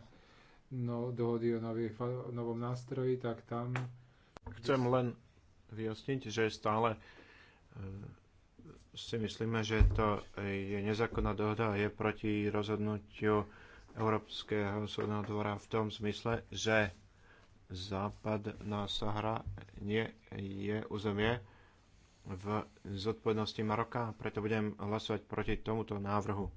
no, dohody o nových, novom nástroji, tak tam... Chcem len vyjasniť, že stále e, si myslíme, že to je nezákonná dohoda a je proti rozhodnutiu Európskeho súdneho dvora v tom zmysle, že západná Sahara nie je územie v zodpovednosti Maroka, preto budem hlasovať proti tomuto návrhu.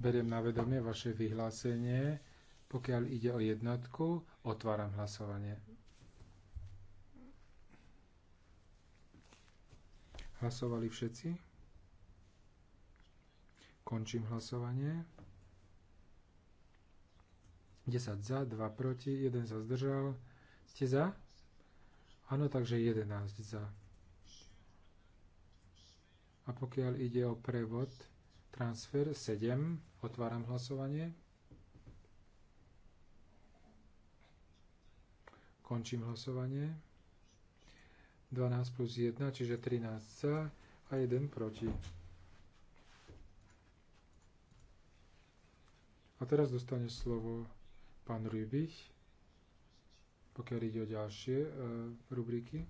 Beriem na vedomie vaše vyhlásenie. Pokiaľ ide o jednotku, otváram hlasovanie. Hlasovali všetci? Končím hlasovanie. 10 za, 2 proti, 1 sa zdržal. Ste za? Áno, takže 11 za. A pokiaľ ide o prevod, transfer 7, otváram hlasovanie. Končím hlasovanie. 12 plus 1, čiže 13 za a 1 proti. A teraz dostane slovo pán Rybich, pokiaľ ide o ďalšie e, rubriky.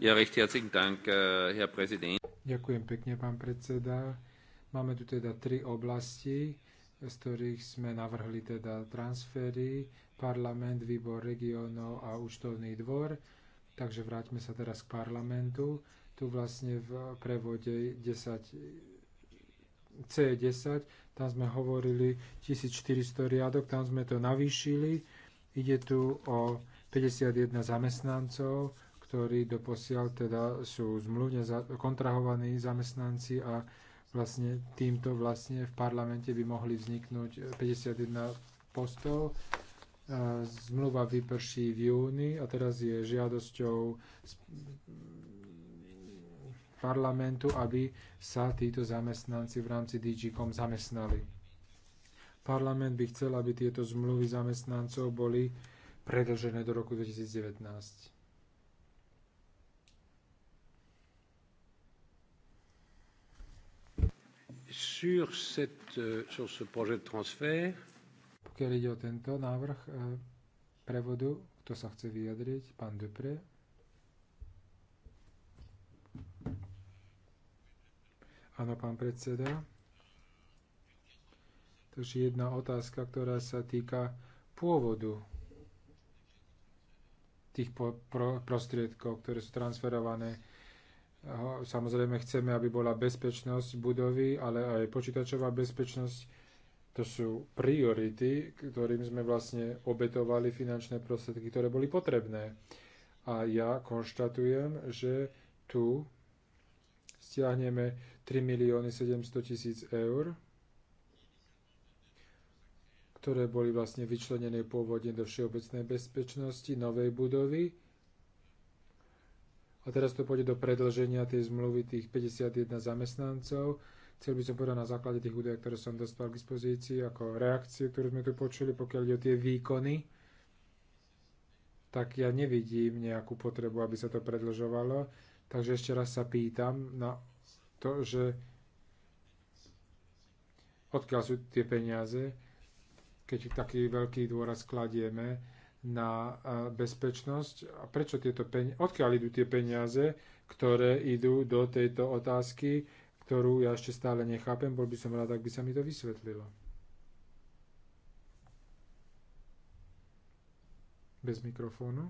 Ja recht herzlichen Dank, äh, Herr Präsident. Ďakujem pekne, pán predseda. Máme tu teda tri oblasti z ktorých sme navrhli teda transfery, parlament, výbor regionov a účtovný dvor. Takže vráťme sa teraz k parlamentu. Tu vlastne v prevode 10, C10, tam sme hovorili 1400 riadok, tam sme to navýšili. Ide tu o 51 zamestnancov, ktorí doposiaľ teda sú zmluvne kontrahovaní zamestnanci a vlastne týmto vlastne v parlamente by mohli vzniknúť 51 postov. Zmluva vyprší v júni a teraz je žiadosťou parlamentu, aby sa títo zamestnanci v rámci DGCOM zamestnali. Parlament by chcel, aby tieto zmluvy zamestnancov boli predlžené do roku 2019. Sur, cette, euh, sur ce projet de transfert, pokiaľ ide o tento návrh e, prevodu, kto sa chce vyjadriť? Pán Dupré. Áno, pán predseda. Takže jedna otázka, ktorá sa týka pôvodu tých prostriedkov, ktoré sú transferované Samozrejme chceme, aby bola bezpečnosť budovy, ale aj počítačová bezpečnosť. To sú priority, ktorým sme vlastne obetovali finančné prostriedky, ktoré boli potrebné. A ja konštatujem, že tu stiahneme 3 milióny 700 tisíc eur, ktoré boli vlastne vyčlenené pôvodne do všeobecnej bezpečnosti novej budovy a teraz to pôjde do predlženia tej zmluvy tých 51 zamestnancov. Chcel by som povedať na základe tých údajov, ktoré som dostal k dispozícii, ako reakcie, ktoré sme tu počuli, pokiaľ ide o tie výkony, tak ja nevidím nejakú potrebu, aby sa to predlžovalo. Takže ešte raz sa pýtam na to, že odkiaľ sú tie peniaze, keď taký veľký dôraz kladieme na bezpečnosť a prečo tieto peniaze, odkiaľ idú tie peniaze, ktoré idú do tejto otázky, ktorú ja ešte stále nechápem. Bol by som rád, ak by sa mi to vysvetlilo. Bez mikrofónu.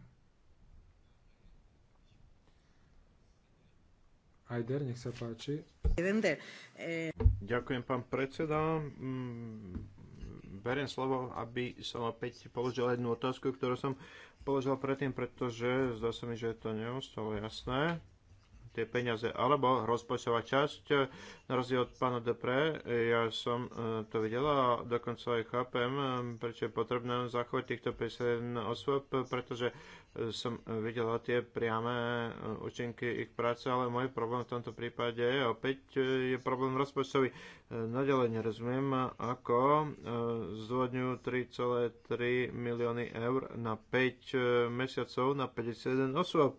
Ajder, nech sa páči. Eh. Ďakujem, pán predseda mm, beriem slovo, aby som opäť položil jednu otázku, ktorú som položil predtým, pretože zdá sa mi, že to neostalo jasné tie peniaze, alebo rozpočtová časť, na rozdiel od pána Depre, ja som e, to videla a dokonca aj chápem, prečo je potrebné zachovať týchto 50 osôb, pretože som videla tie priame eh, účinky ich práce, ale môj problém v tomto prípade je opäť eh, je problém rozpočtový. Eh, nadalej nerozumiem, ako zvodňujú 3,3 milióny eur na 5 mesiacov na 51 osôb.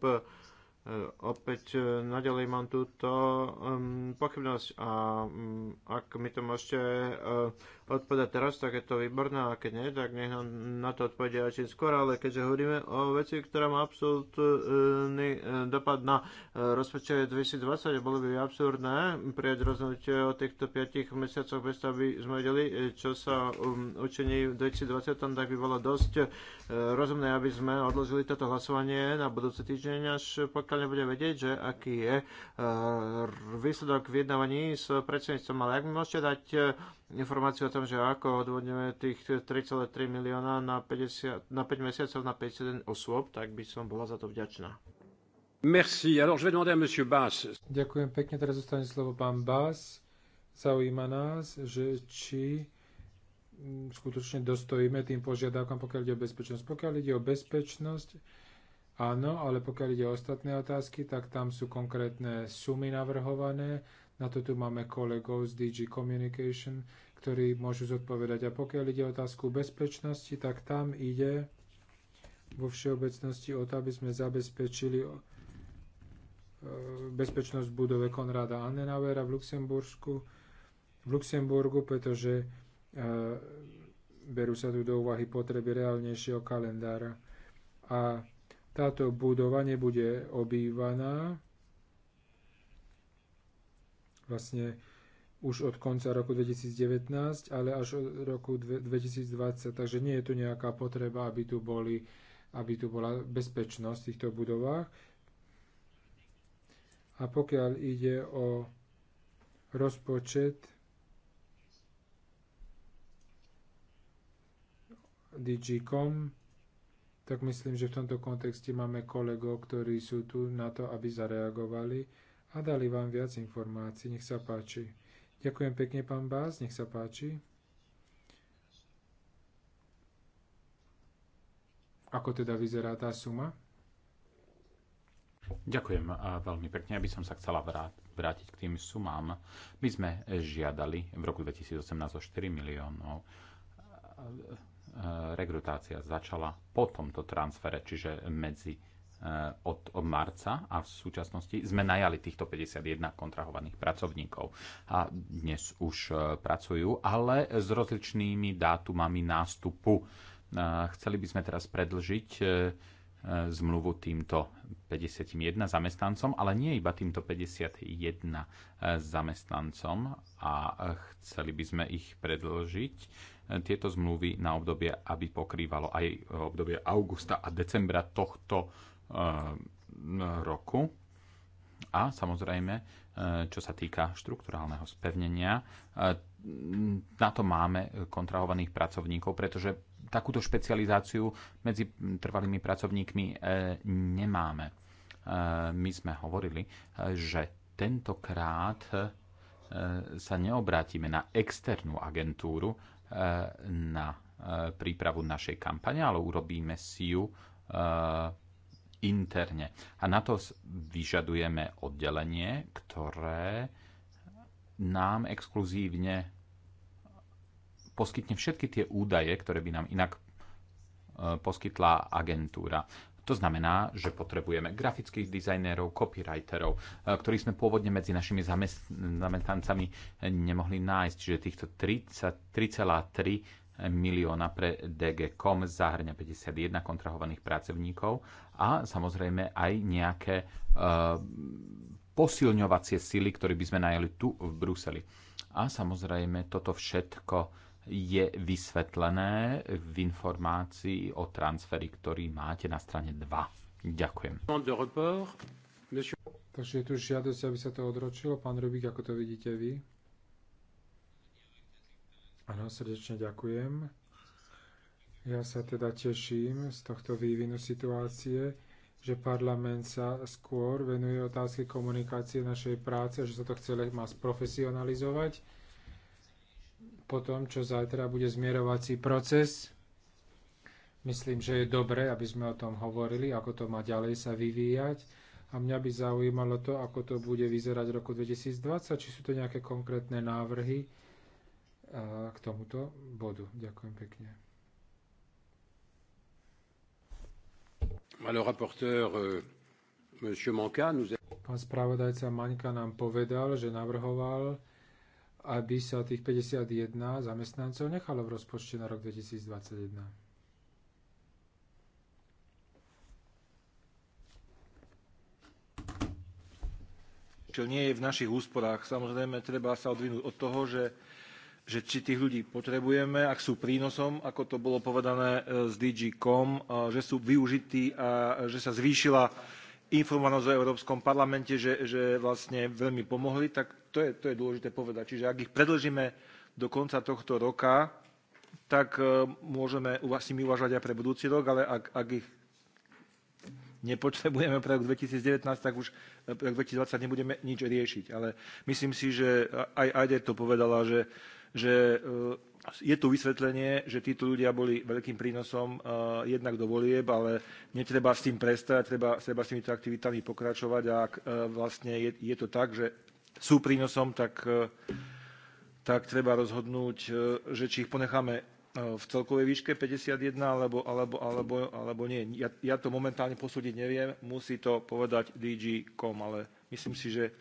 Opäť nadalej mám túto ehm, pochybnosť a mm, ak mi to môžete odpovedať teraz, tak je to výborné, a keď nie, tak nech nám na to odpovedia čím skôr, ale keďže hovoríme o veci, ktorá má absolútny e, dopad na e, rozpočet 2020, bolo by absurdné prijať rozhodnutie o týchto 5 mesiacoch bez toho, aby sme vedeli, e, čo sa um, učení v 2020, tak by bolo dosť rozumné, aby sme odložili toto hlasovanie na budúci týždeň, až pokiaľ nebude vedieť, že aký je výsledok vyjednávaní s predsedníctvom. Ale ak mi môžete dať informáciu o tom, že ako odvodňujeme tých 3,3 milióna na, 50, na 5 mesiacov na 51 osôb, tak by som bola za to vďačná. Merci. Alors, je vais demander à monsieur Bass. Ďakujem pekne. Teraz zostane slovo pán Bass. Zaujíma nás, že či mm, skutočne dostojíme tým požiadavkám, pokiaľ ide o bezpečnosť. Pokiaľ ide o bezpečnosť, áno, ale pokiaľ ide o ostatné otázky, tak tam sú konkrétne sumy navrhované na to tu máme kolegov z DG Communication, ktorí môžu zodpovedať. A pokiaľ ide o otázku bezpečnosti, tak tam ide vo všeobecnosti o to, aby sme zabezpečili e, bezpečnosť v budove Konrada Annenauera v Luxembursku, v Luxemburgu, pretože e, berú sa tu do úvahy potreby reálnejšieho kalendára. A táto budova nebude obývaná, vlastne už od konca roku 2019, ale až od roku 2020, takže nie je tu nejaká potreba, aby tu, boli, aby tu bola bezpečnosť v týchto budovách. A pokiaľ ide o rozpočet DGCOM, tak myslím, že v tomto kontexte máme kolegov, ktorí sú tu na to, aby zareagovali a dali vám viac informácií. Nech sa páči. Ďakujem pekne, pán Bás. Nech sa páči. Ako teda vyzerá tá suma? Ďakujem veľmi pekne. Aby som sa chcela vrátiť k tým sumám. My sme žiadali v roku 2018 o 4 miliónov. Rekrutácia začala po tomto transfere, čiže medzi Eh, od marca a v súčasnosti sme najali týchto 51 kontrahovaných pracovníkov. A dnes už eh, pracujú, ale s rozličnými dátumami nástupu. Eh, chceli by sme teraz predlžiť zmluvu týmto 51 zamestnancom, ale nie iba týmto 51 zamestnancom a chceli by sme ich predlžiť tieto zmluvy na obdobie, aby pokrývalo aj obdobie augusta a decembra tohto Eh, roku. A samozrejme, eh, čo sa týka štruktúrálneho spevnenia, eh, na to máme kontrahovaných pracovníkov, pretože takúto špecializáciu medzi trvalými pracovníkmi nemáme. My sme hovorili, že tentokrát sa neobrátime na externú agentúru na prípravu našej kampane, ale urobíme si ju interne. A na to vyžadujeme oddelenie, ktoré nám exkluzívne poskytne všetky tie údaje, ktoré by nám inak e, poskytla agentúra. To znamená, že potrebujeme grafických dizajnérov, copywriterov, e, ktorí sme pôvodne medzi našimi zamestnancami e, nemohli nájsť. Čiže týchto 3,3 milióna pre DG.com zahrňa 51 kontrahovaných pracovníkov a samozrejme aj nejaké e, posilňovacie sily, ktoré by sme najali tu v Bruseli. A samozrejme toto všetko je vysvetlené v informácii o transferi, ktorý máte na strane 2. Ďakujem. Takže je tu žiadosť, aby sa to odročilo. Pán Rubik, ako to vidíte vy? Áno, srdečne ďakujem. Ja sa teda teším z tohto vývinu situácie, že parlament sa skôr venuje otázke komunikácie našej práce, že sa to chce má sprofesionalizovať po tom, čo zajtra bude zmierovací proces. Myslím, že je dobré, aby sme o tom hovorili, ako to má ďalej sa vyvíjať. A mňa by zaujímalo to, ako to bude vyzerať v roku 2020, či sú to nejaké konkrétne návrhy, k tomuto bodu. Ďakujem pekne. Ale rapporteur, euh, monsieur Manka, nous... Pán spravodajca Maňka nám povedal, že navrhoval, aby sa tých 51 zamestnancov nechalo v rozpočte na rok 2021. čo nie je v našich úsporách. Samozrejme, treba sa odvinúť od toho, že že či tých ľudí potrebujeme, ak sú prínosom, ako to bolo povedané e, z DG.com, e, že sú využití a e, že sa zvýšila informovanosť o Európskom parlamente, že, že vlastne veľmi pomohli, tak to je, to je dôležité povedať. Čiže ak ich predlžíme do konca tohto roka, tak môžeme si my uvažovať aj pre budúci rok, ale ak, ak ich nepotrebujeme pre rok 2019, tak už pre rok 2020 nebudeme nič riešiť. Ale myslím si, že aj Ajde to povedala, že že e, je tu vysvetlenie, že títo ľudia boli veľkým prínosom e, jednak do volieb, ale netreba s tým prestať, treba, treba s týmito aktivitami pokračovať a ak e, vlastne je, je to tak, že sú prínosom, tak, tak treba rozhodnúť, že či ich ponecháme v celkovej výške 51 alebo, alebo, alebo, alebo nie. Ja, ja to momentálne posúdiť neviem, musí to povedať DG.com, ale myslím si, že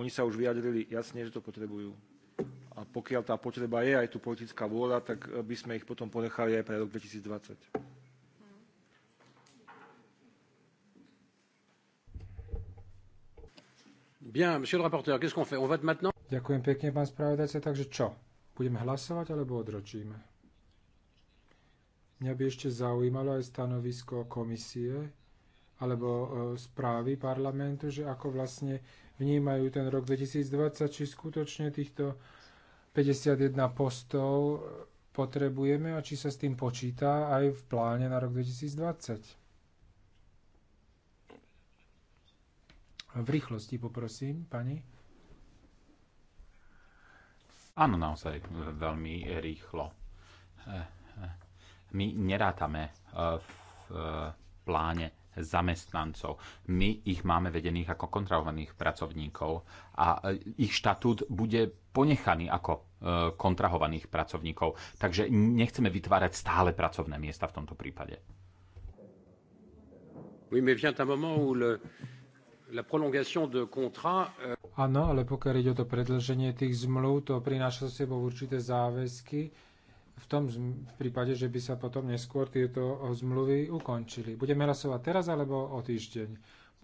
oni sa už vyjadrili jasne, že to potrebujú a pokiaľ tá potreba je, aj tu politická vôľa, tak eh, by sme ich potom ponechali aj pre rok 2020. Bien, monsieur le rapporteur, qu'est-ce qu'on fait On vote maintenant Ďakujem pekne, pán spravodajca. Takže čo? Budeme hlasovať alebo odročíme? Mňa by ešte zaujímalo aj stanovisko komisie alebo eh, správy parlamentu, že ako vlastne vnímajú ten rok 2020, či skutočne týchto 51 postov potrebujeme a či sa s tým počíta aj v pláne na rok 2020. V rýchlosti poprosím, pani. Áno, naozaj veľmi rýchlo. Eh, eh, my nerátame eh, v pláne zamestnancov. My ich máme vedených ako kontrahovaných pracovníkov a ich štatút bude ponechaní ako e, kontrahovaných pracovníkov. Takže nechceme vytvárať stále pracovné miesta v tomto prípade. Euh, Áno, ale pokiaľ ide o to predlženie tých zmluv, to prináša so sebou určité záväzky v tom v prípade, že by sa potom neskôr tieto zmluvy ukončili. Budeme hlasovať teraz alebo o týždeň?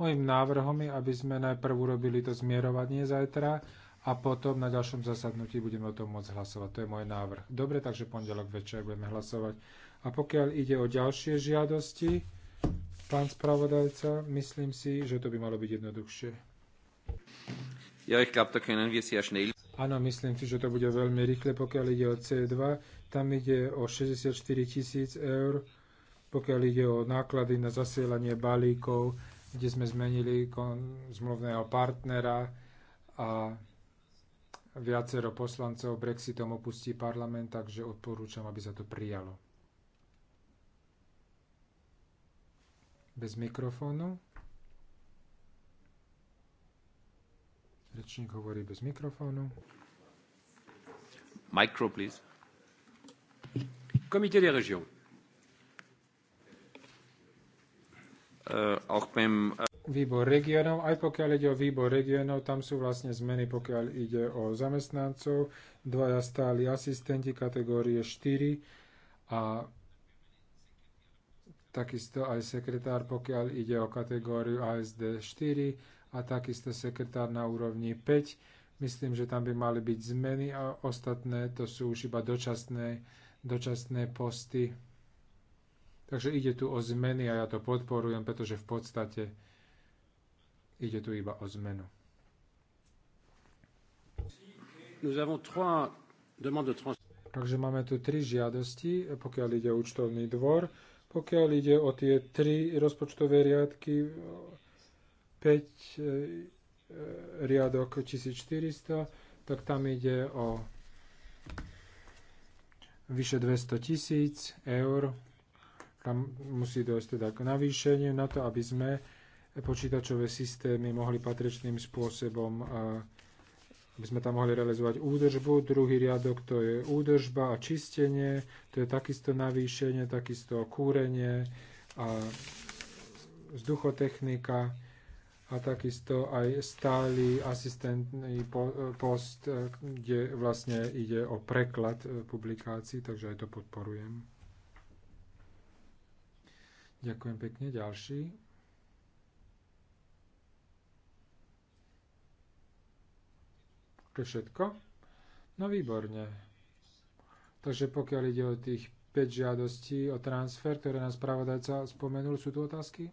Mojím návrhom je, aby sme najprv urobili to zmierovanie zajtra, a potom na ďalšom zasadnutí budeme o tom môcť hlasovať. To je môj návrh. Dobre, takže pondelok večer budeme hlasovať. A pokiaľ ide o ďalšie žiadosti, pán spravodajca, myslím si, že to by malo byť jednoduchšie. Ja ich glaube, Áno, myslím si, že to bude veľmi rýchle, pokiaľ ide o C2. Tam ide o 64 tisíc eur, pokiaľ ide o náklady na zasielanie balíkov, kde sme zmenili zmluvného partnera a viacero poslancov Brexitom opustí parlament, takže odporúčam, aby sa to prijalo. Bez mikrofónu. Rečník hovorí bez mikrofónu. Micro, please. Comité des régions. Äh, auch beim äh, výbor regionov. Aj pokiaľ ide o výbor regionov, tam sú vlastne zmeny, pokiaľ ide o zamestnancov, dvaja stáli asistenti kategórie 4 a takisto aj sekretár, pokiaľ ide o kategóriu ASD 4 a takisto sekretár na úrovni 5. Myslím, že tam by mali byť zmeny a ostatné to sú už iba dočasné, dočasné posty. Takže ide tu o zmeny a ja to podporujem, pretože v podstate Ide tu iba o zmenu. Takže máme tu tri žiadosti, pokiaľ ide o účtovný dvor. Pokiaľ ide o tie tri rozpočtové riadky, 5 e, e, riadok 1400, tak tam ide o vyše 200 tisíc eur. Tam musí dojsť teda k navýšeniu na to, aby sme počítačové systémy mohli patričným spôsobom aby sme tam mohli realizovať údržbu. Druhý riadok to je údržba a čistenie, to je takisto navýšenie, takisto kúrenie a vzduchotechnika a takisto aj stály asistentný post, e, kde vlastne ide o preklad e, publikácií, takže aj to podporujem. Ďakujem pekne. Ďalší. To všetko? No výborne. Takže pokiaľ ide o tých 5 žiadostí o transfer, ktoré nás pravodajca spomenul, sú tu otázky?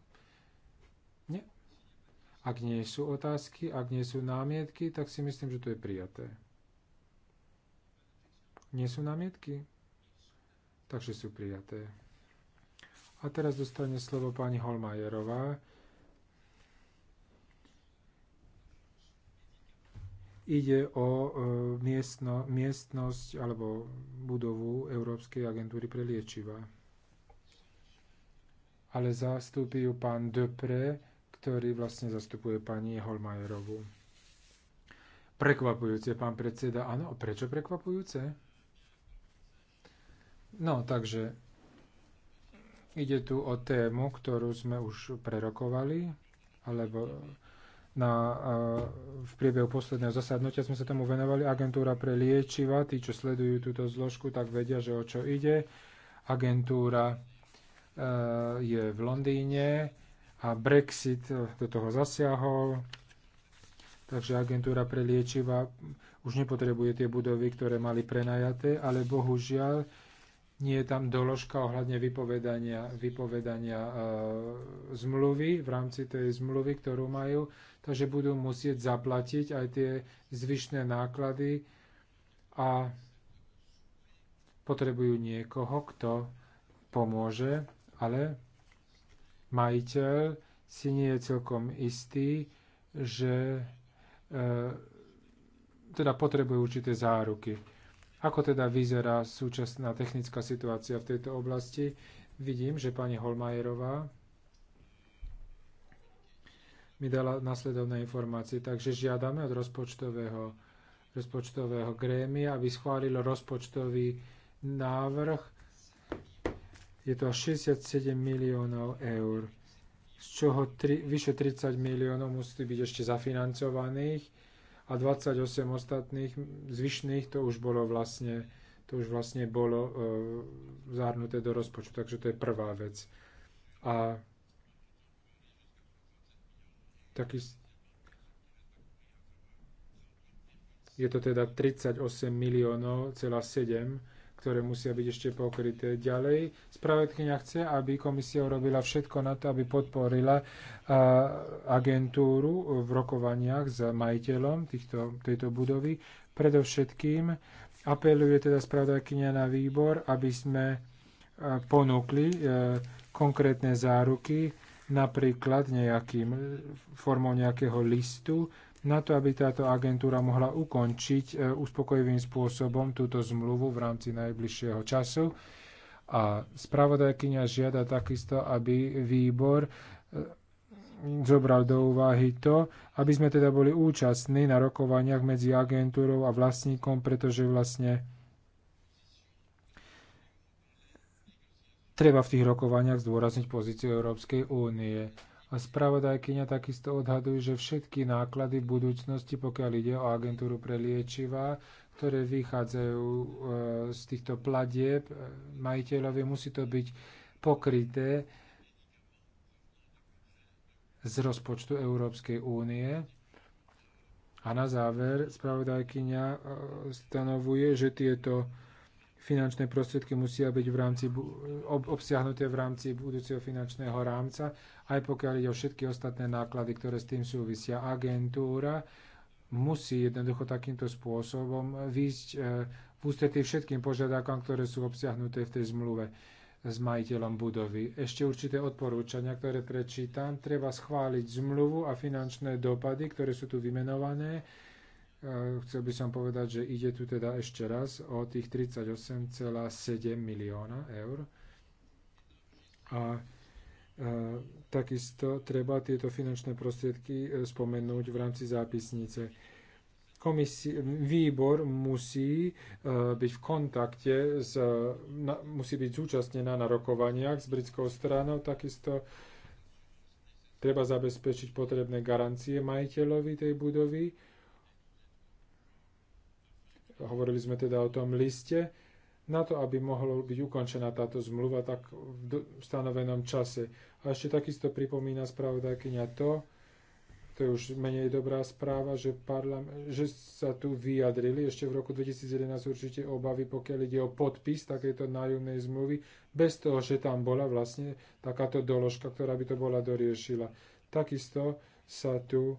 Nie. Ak nie sú otázky, ak nie sú námietky, tak si myslím, že to je prijaté. Nie sú námietky? Takže sú prijaté. A teraz dostane slovo pani Holmajerová, Ide o e, miestno, miestnosť alebo budovu Európskej agentúry pre liečiva. Ale zastúpi ju pán Depre, ktorý vlastne zastupuje pani Holmajerovu. Prekvapujúce, pán predseda. Áno, prečo prekvapujúce? No, takže ide tu o tému, ktorú sme už prerokovali, alebo na, eh, v priebehu posledného zasadnutia sme sa tomu venovali. Agentúra pre liečiva, tí, čo sledujú túto zložku, tak vedia, že o čo ide. Agentúra eh, je v Londýne a Brexit eh, do toho zasiahol. Takže agentúra pre liečiva už nepotrebuje tie budovy, ktoré mali prenajaté, ale bohužiaľ nie je tam doložka ohľadne vypovedania, vypovedania e, zmluvy v rámci tej zmluvy, ktorú majú, takže budú musieť zaplatiť aj tie zvyšné náklady a potrebujú niekoho, kto pomôže, ale majiteľ si nie je celkom istý, že e, teda potrebujú určité záruky. Ako teda vyzerá súčasná technická situácia v tejto oblasti? Vidím, že pani Holmajerová mi dala nasledovné informácie, takže žiadame od rozpočtového, rozpočtového grémia, aby schválilo rozpočtový návrh. Je to 67 miliónov eur z čoho tri, vyše 30 miliónov musí byť ešte zafinancovaných a 28 ostatných zvyšných to už bolo vlastne, to už vlastne bolo e, zahrnuté do rozpočtu, takže to je prvá vec. A taký, je to teda 38 miliónov, celá 7 ktoré musia byť ešte pokryté. Ďalej, spravedlňa chce, aby komisia urobila všetko na to, aby podporila agentúru v rokovaniach s majiteľom týchto, tejto budovy. Predovšetkým apeluje teda spravodajkynia na výbor, aby sme ponúkli e, konkrétne záruky, napríklad nejakým, formou nejakého listu, na to, aby táto agentúra mohla ukončiť e, uspokojivým spôsobom túto zmluvu v rámci najbližšieho času. A spravodajkynia žiada takisto, aby výbor e, zobral do úvahy to, aby sme teda boli účastní na rokovaniach medzi agentúrou a vlastníkom, pretože vlastne treba v tých rokovaniach zdôrazniť pozíciu Európskej únie a spravodajkyňa takisto odhaduje, že všetky náklady v budúcnosti, pokiaľ ide o agentúru pre liečivá, ktoré vychádzajú e, z týchto platieb e, majiteľovi, musí to byť pokryté z rozpočtu Európskej únie. A na záver spravodajkyňa e, stanovuje, že tieto finančné prostriedky musia byť v rámci, ob, obsiahnuté v rámci budúceho finančného rámca, aj pokiaľ ide o všetky ostatné náklady, ktoré s tým súvisia. Agentúra musí jednoducho takýmto spôsobom výjsť e, v ústretí všetkým požiadavkám, ktoré sú obsiahnuté v tej zmluve s majiteľom budovy. Ešte určité odporúčania, ktoré prečítam. Treba schváliť zmluvu a finančné dopady, ktoré sú tu vymenované Chcel by som povedať, že ide tu teda ešte raz o tých 38,7 milióna eur. A e, takisto treba tieto finančné prostriedky e, spomenúť v rámci zápisnice. Komisi- výbor musí e, byť v kontakte, s, na, musí byť zúčastnená na rokovaniach s britskou stranou, takisto treba zabezpečiť potrebné garancie majiteľovi tej budovy hovorili sme teda o tom liste, na to, aby mohla byť ukončená táto zmluva tak v stanovenom čase. A ešte takisto pripomína spravodajkynia to, to je už menej dobrá správa, že, že sa tu vyjadrili ešte v roku 2011 určite obavy, pokiaľ ide o podpis takejto nájomnej zmluvy, bez toho, že tam bola vlastne takáto doložka, ktorá by to bola doriešila. Takisto sa tu e,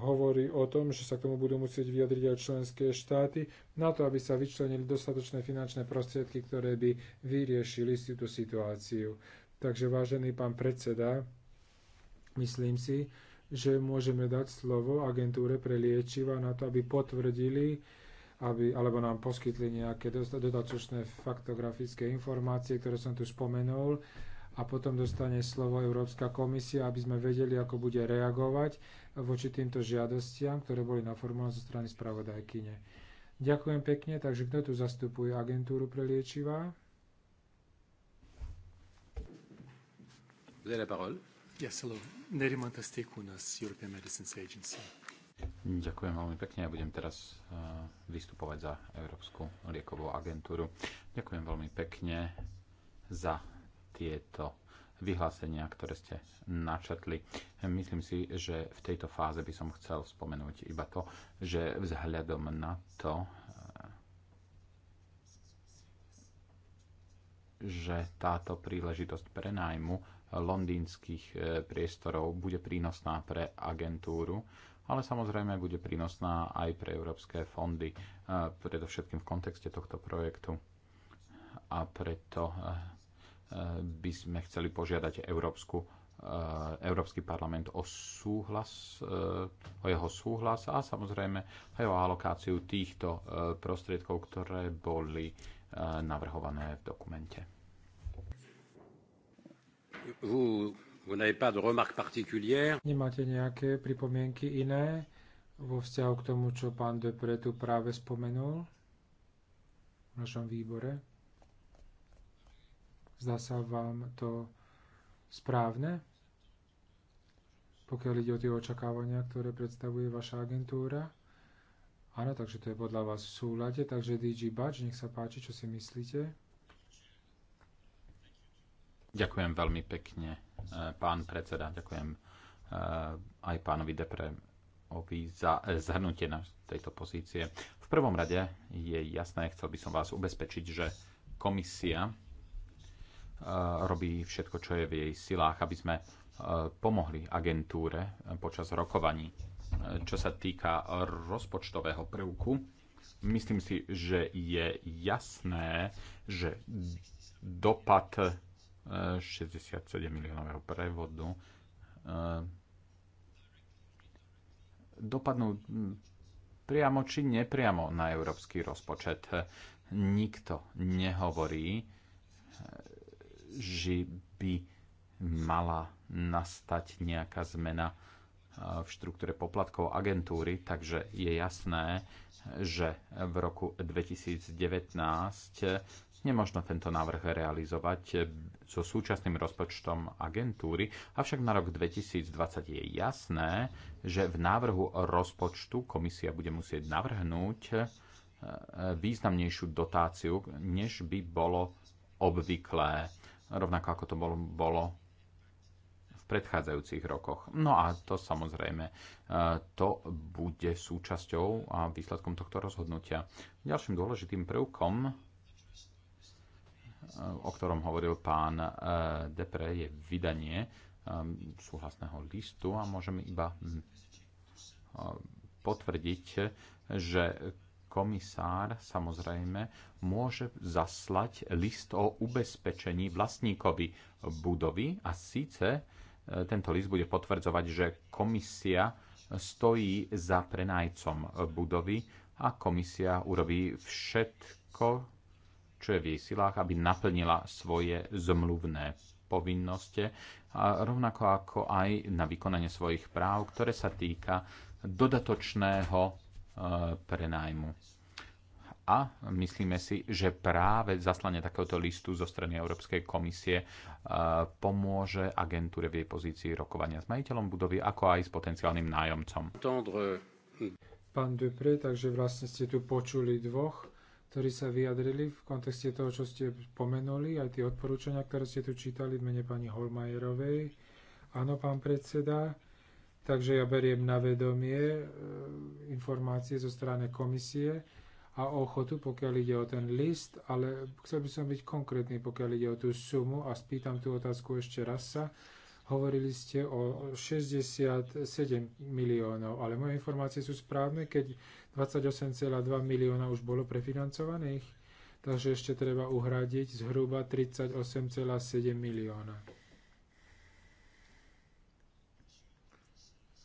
hovorí o tom, že sa k tomu budú musieť vyjadriť aj členské štáty na to, aby sa vyčlenili dostatočné finančné prostriedky, ktoré by vyriešili túto situáciu. Takže vážený pán predseda, myslím si, že môžeme dať slovo agentúre pre liečiva na to, aby potvrdili aby, alebo nám poskytli nejaké dodatočné faktografické informácie, ktoré som tu spomenul a potom dostane slovo Európska komisia, aby sme vedeli, ako bude reagovať voči týmto žiadostiam, ktoré boli naformulované zo strany spravodajkyne. Ďakujem pekne, takže kto tu zastupuje agentúru pre liečivá? European Medicines Agency. Ďakujem veľmi pekne. Ja budem teraz eh, vystupovať za Európsku liekovú agentúru. Ďakujem veľmi pekne za tieto vyhlásenia, ktoré ste načetli. Myslím si, že v tejto fáze by som chcel spomenúť iba to, že vzhľadom na to, že táto príležitosť prenájmu londýnskych e, priestorov bude prínosná pre agentúru, ale samozrejme bude prínosná aj pre európske fondy, e, predovšetkým v kontexte tohto projektu. A preto e, Eh, by sme chceli požiadať Európsku, eh, Európsky parlament o súhlas, eh, o jeho súhlas a samozrejme aj o alokáciu týchto prostriedkov, ktoré boli navrhované v dokumente. Nemáte nejaké pripomienky iné vo vzťahu k tomu, čo pán Depre tu práve spomenul v našom výbore? Zdá sa vám to správne? Pokiaľ ide o tie očakávania, ktoré predstavuje vaša agentúra? Áno, takže to je podľa vás v súlade. Takže DG Bač, nech sa páči, čo si myslíte? Ďakujem veľmi pekne, eh, pán predseda. Ďakujem eh, aj pánovi Depre za eh, zhrnutie na tejto pozície. V prvom rade je jasné, chcel by som vás ubezpečiť, že komisia robí všetko, čo je v jej silách, aby sme e, pomohli agentúre počas rokovaní. E, čo sa týka rozpočtového prvku, myslím si, že je jasné, že dopad 67 e, miliónového prevodu dopadnú priamo či nepriamo na európsky rozpočet. Nikto nehovorí, že by mala nastať nejaká zmena e, v štruktúre poplatkov agentúry, takže je jasné, že v roku 2019 nemožno tento návrh realizovať so súčasným rozpočtom agentúry, avšak na rok 2020 je jasné, že v návrhu rozpočtu komisia bude musieť navrhnúť e, významnejšiu dotáciu, než by bolo obvyklé rovnako ako to bolo, bolo v predchádzajúcich rokoch. No a to samozrejme, e, to bude súčasťou a výsledkom tohto rozhodnutia. Ďalším dôležitým prvkom, e, o ktorom hovoril pán e, Depre, je vydanie súhlasného listu a môžeme iba potvrdiť, že komisár samozrejme môže zaslať list o ubezpečení vlastníkovi budovy a síce e, tento list bude potvrdzovať, že komisia stojí za prenajcom budovy a komisia urobí všetko, čo je v jej silách, aby naplnila svoje zmluvné povinnosti, a rovnako ako aj na vykonanie svojich práv, ktoré sa týka dodatočného E, prenájmu. A myslíme si, že práve zaslanie takéhoto listu zo strany Európskej komisie e, pomôže agentúre v jej pozícii rokovania s majiteľom budovy, ako aj s potenciálnym nájomcom. Pán Dupré, takže vlastne ste tu počuli dvoch, ktorí sa vyjadrili v kontexte toho, čo ste pomenuli, aj tie odporúčania, ktoré ste tu čítali v mene pani Holmajerovej. Áno, pán predseda, Takže ja beriem na vedomie e, informácie zo strany komisie a ochotu, pokiaľ ide o ten list, ale chcel by som byť konkrétny, pokiaľ ide o tú sumu a spýtam tú otázku ešte raz sa. Hovorili ste o 67 miliónov, ale moje informácie sú správne, keď 28,2 milióna už bolo prefinancovaných, takže ešte treba uhradiť zhruba 38,7 milióna.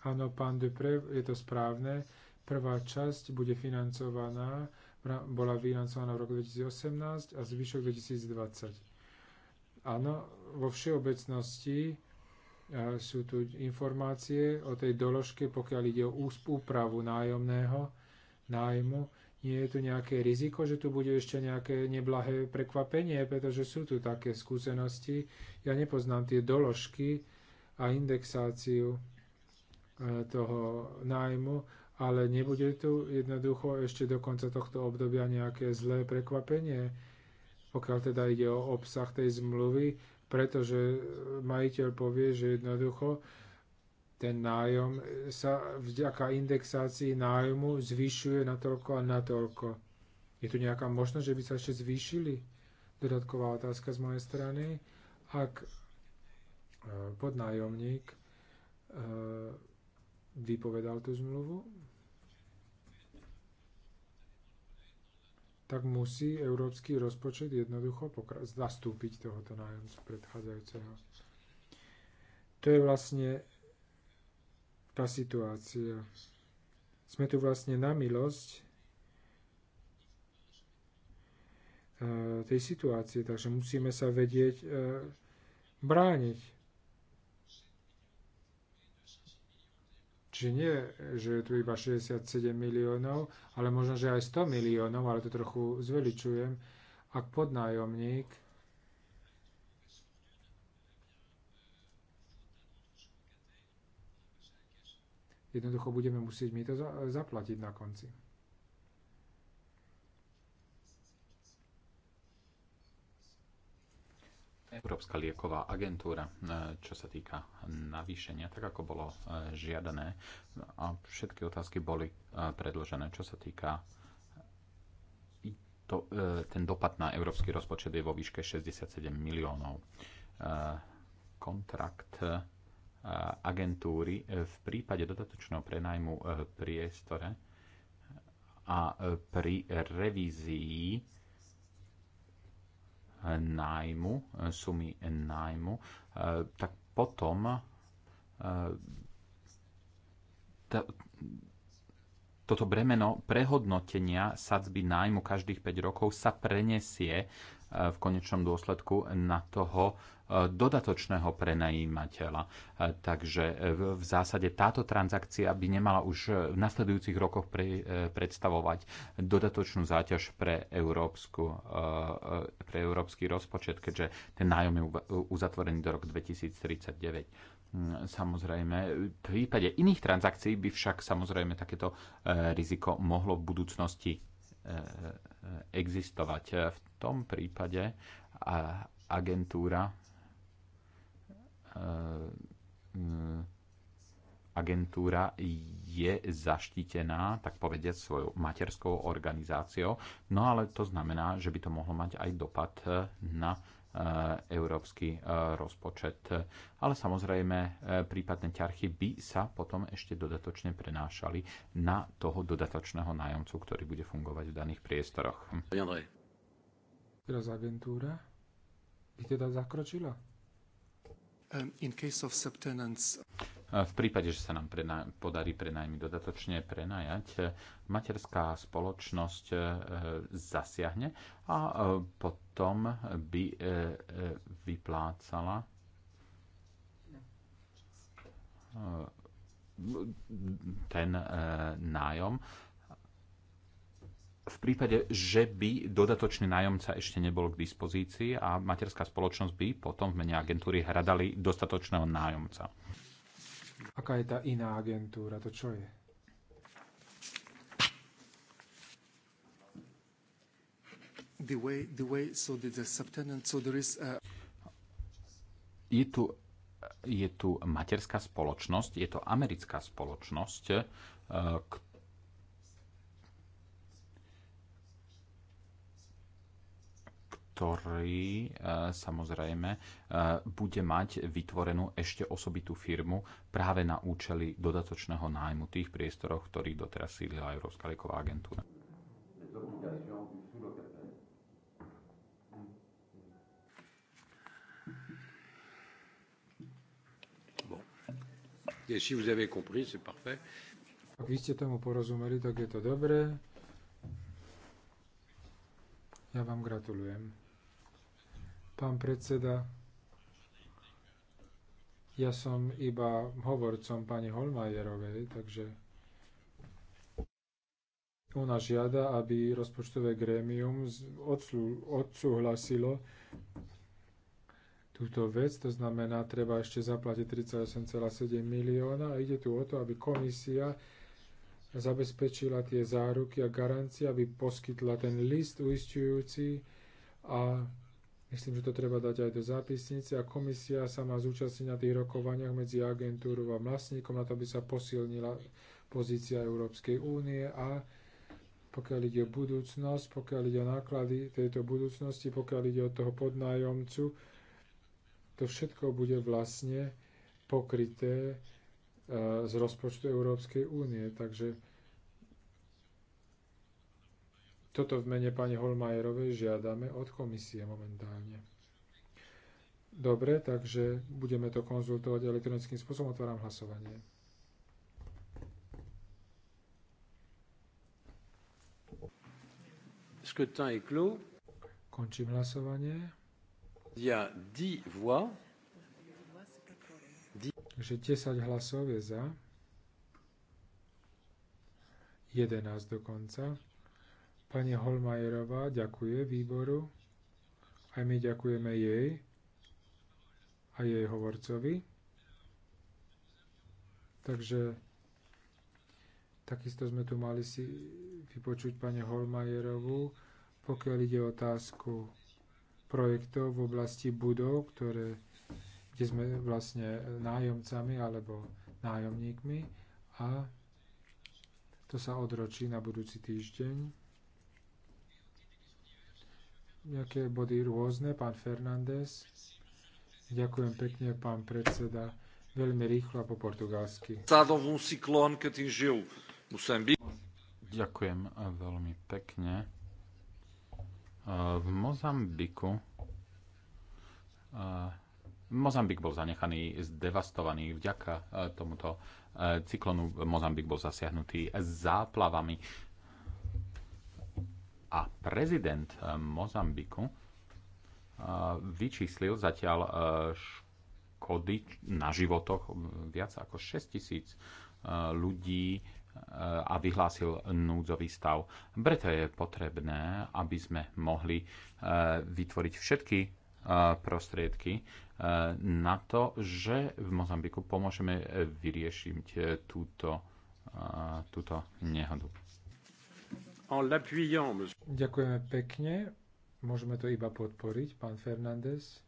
Áno, pán Dupre, je to správne. Prvá časť bude financovaná, bola financovaná v roku 2018 a zvyšok 2020. Áno, vo všeobecnosti e, sú tu informácie o tej doložke, pokiaľ ide o úpravu nájomného, nájmu. Nie je tu nejaké riziko, že tu bude ešte nejaké neblahé prekvapenie, pretože sú tu také skúsenosti. Ja nepoznám tie doložky a indexáciu E, toho nájmu, ale nebude tu jednoducho ešte do konca tohto obdobia nejaké zlé prekvapenie, pokiaľ teda ide o obsah tej zmluvy, pretože majiteľ povie, že jednoducho ten nájom sa vďaka indexácii nájmu zvyšuje na toľko a na toľko. Je tu nejaká možnosť, že by sa ešte zvýšili? Dodatková otázka z mojej strany. Ak e, podnájomník e, vypovedal tú zmluvu, tak musí európsky rozpočet jednoducho zastúpiť tohoto nájomcu predchádzajúceho. To je vlastne tá situácia. Sme tu vlastne na milosť eh, tej situácie, takže musíme sa vedieť eh, brániť. Čiže nie, že je tu iba 67 miliónov, ale možno, že aj 100 miliónov, ale to trochu zveličujem, ak podnájomník jednoducho budeme musieť my to zaplatiť na konci. Európska lieková agentúra, e, čo sa týka navýšenia, tak ako bolo e, žiadané. No a všetky otázky boli e, predložené, čo sa týka to, ten dopad na európsky rozpočet je vo výške 67 miliónov. Kontrakt agentúry v prípade dodatočného prenajmu priestore a pri revízii nájmu, e, sumy nájmu, e, tak potom e, toto bremeno prehodnotenia sadzby nájmu každých 5 rokov sa prenesie v konečnom dôsledku na toho dodatočného prenajímateľa. Takže v zásade táto transakcia by nemala už v nasledujúcich rokoch pre, e, predstavovať dodatočnú záťaž pre, európsku, e, e, pre európsky rozpočet, keďže ten nájom je uzatvorený do roku 2039. Mm, samozrejme, v prípade iných transakcií by však samozrejme takéto riziko mohlo v budúcnosti existovať. V tom prípade agentúra E, e, agentúra je zaštitená, tak povediať, svojou materskou organizáciou. No ale to znamená, že by to mohlo mať aj dopad e, na európsky rozpočet. Ale samozrejme, prípadné ťarchy by sa potom ešte dodatočne prenášali na toho dodatočného nájomcu, ktorý bude fungovať v daných priestoroch. Teraz agentúra by teda zakročila? Um, v prípade, že sa nám podarí prenajmy dodatočne prenajať, eh, materská spoločnosť eh, zasiahne a eh, potom by vyplácala ten nájom v prípade, že by dodatočný nájomca ešte nebol k dispozícii a materská spoločnosť by potom v mene agentúry hradali dostatočného nájomca. Aká je tá iná agentúra? To čo je? The way, the way, so the, subtenant, so there is a... Je tu je tu materská spoločnosť, je to americká spoločnosť, eh, ktorý e, samozrejme e, bude mať vytvorenú ešte osobitú firmu práve na účely dodatočného nájmu tých priestorov, ktorých doteraz sídlila Európska lieková agentúra. Ak vy ste tomu porozumeli, tak je to dobré. Ja vám gratulujem. Pán predseda, ja som iba hovorcom pani Holmajerovej, takže ona žiada, aby rozpočtové grémium odsúhlasilo túto vec, to znamená, treba ešte zaplatiť 38,7 milióna a ide tu o to, aby komisia zabezpečila tie záruky a garancie, aby poskytla ten list uistujúci a Myslím, že to treba dať aj do zápisnice a komisia sa má zúčastniť na tých rokovaniach medzi agentúrou a vlastníkom na to, aby sa posilnila pozícia Európskej únie a pokiaľ ide o budúcnosť, pokiaľ ide o náklady tejto budúcnosti, pokiaľ ide o toho podnájomcu, to všetko bude vlastne pokryté eh, z rozpočtu Európskej únie. Takže toto v mene pani Holmajerovej žiadame od komisie momentálne. Dobre, takže budeme to konzultovať elektronickým spôsobom. Otváram hlasovanie. Skrutin je clos. Končím hlasovanie. Ja 10 voix. Takže 10 hlasov je za. 11 dokonca. Pani Holmajerová ďakuje výboru. Aj my ďakujeme jej a jej hovorcovi. Takže takisto sme tu mali si vypočuť pani Holmajerovú, pokiaľ ide o otázku projektov v oblasti budov, ktoré, kde sme vlastne nájomcami alebo nájomníkmi a to sa odročí na budúci týždeň nejaké body rôzne. Pán Fernández. Ďakujem pekne, pán predseda. Veľmi rýchlo a po portugalsky. Ďakujem eh, veľmi pekne. Eh, v Mozambiku eh, Mozambik bol zanechaný, zdevastovaný vďaka tomuto cyklonu. Mozambik bol zasiahnutý záplavami a prezident eh, Mozambiku eh, vyčíslil zatiaľ eh, škody na životoch hm, viac ako 6 tisíc ľudí a vyhlásil núdzový stav. Preto je potrebné, aby sme mohli vytvoriť všetky prostriedky na to, že v Mozambiku pomôžeme vyriešiť túto, túto nehodu en l'appuyant, Ďakujeme pekne. Môžeme to iba podporiť, pán Fernández.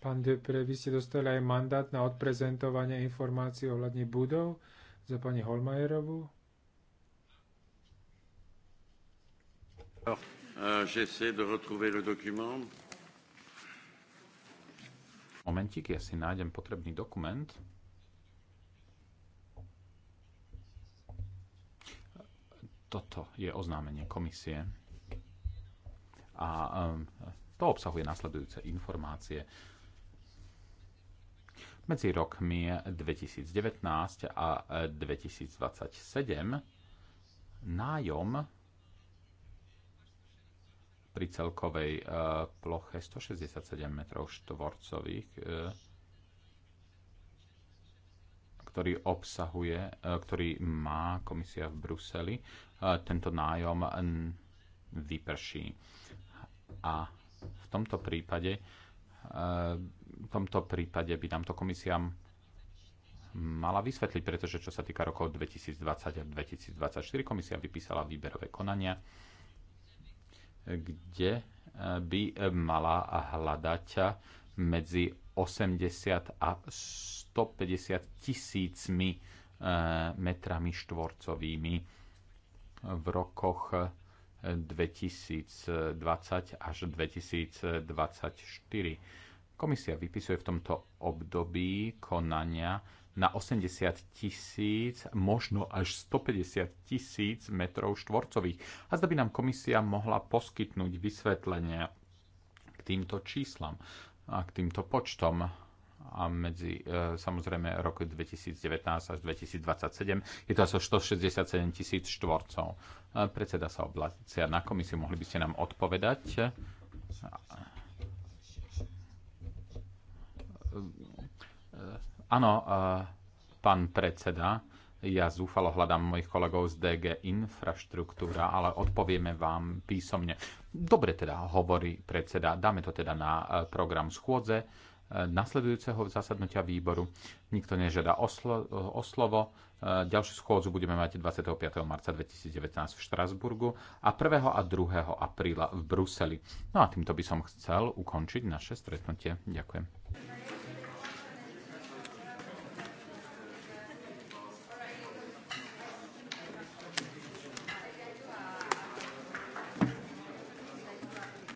Pán Depre, vy ste dostali aj mandát na odprezentovanie informácií ohľadne budov za pani Holmajerovú. Euh, Momentík, ja si nájdem potrebný dokument. Toto je oznámenie komisie. A um, to obsahuje nasledujúce informácie. Medzi rokmi 2019 a 2027 e, nájom pri celkovej e, ploche 167 m štvorcových e, ktorý obsahuje, e, ktorý má komisia v Bruseli, e, tento nájom vyprší. A v tomto prípade e, v tomto prípade by nám to komisia mala vysvetliť, pretože čo sa týka rokov 2020 a 2024, komisia vypísala výberové konania, kde by mala hľadať medzi 80 a 100 150 tisícmi eh, metrami štvorcovými v rokoch 2020 eh, až 2024. Komisia vypisuje v tomto období konania na 80 tisíc, možno až 150 tisíc metrov štvorcových. A zda by nám komisia mohla poskytnúť vysvetlenie k týmto číslam a k týmto počtom a medzi e, samozrejme roku 2019 až 2027. Je to asi 167 tisíc štvorcov. E, predseda sa oblácia na komisiu, mohli by ste nám odpovedať. E, áno, e, pán predseda, ja zúfalo hľadám mojich kolegov z DG Infraštruktúra, ale odpovieme vám písomne. Dobre teda, hovorí predseda, dáme to teda na e, program schôdze nasledujúceho zasadnutia výboru. Nikto nežiada o, slo- slovo. E, ďalšiu schôdzu budeme mať 25. marca 2019 v Štrasburgu a 1. a 2. apríla v Bruseli. No a týmto by som chcel ukončiť naše stretnutie. Ďakujem.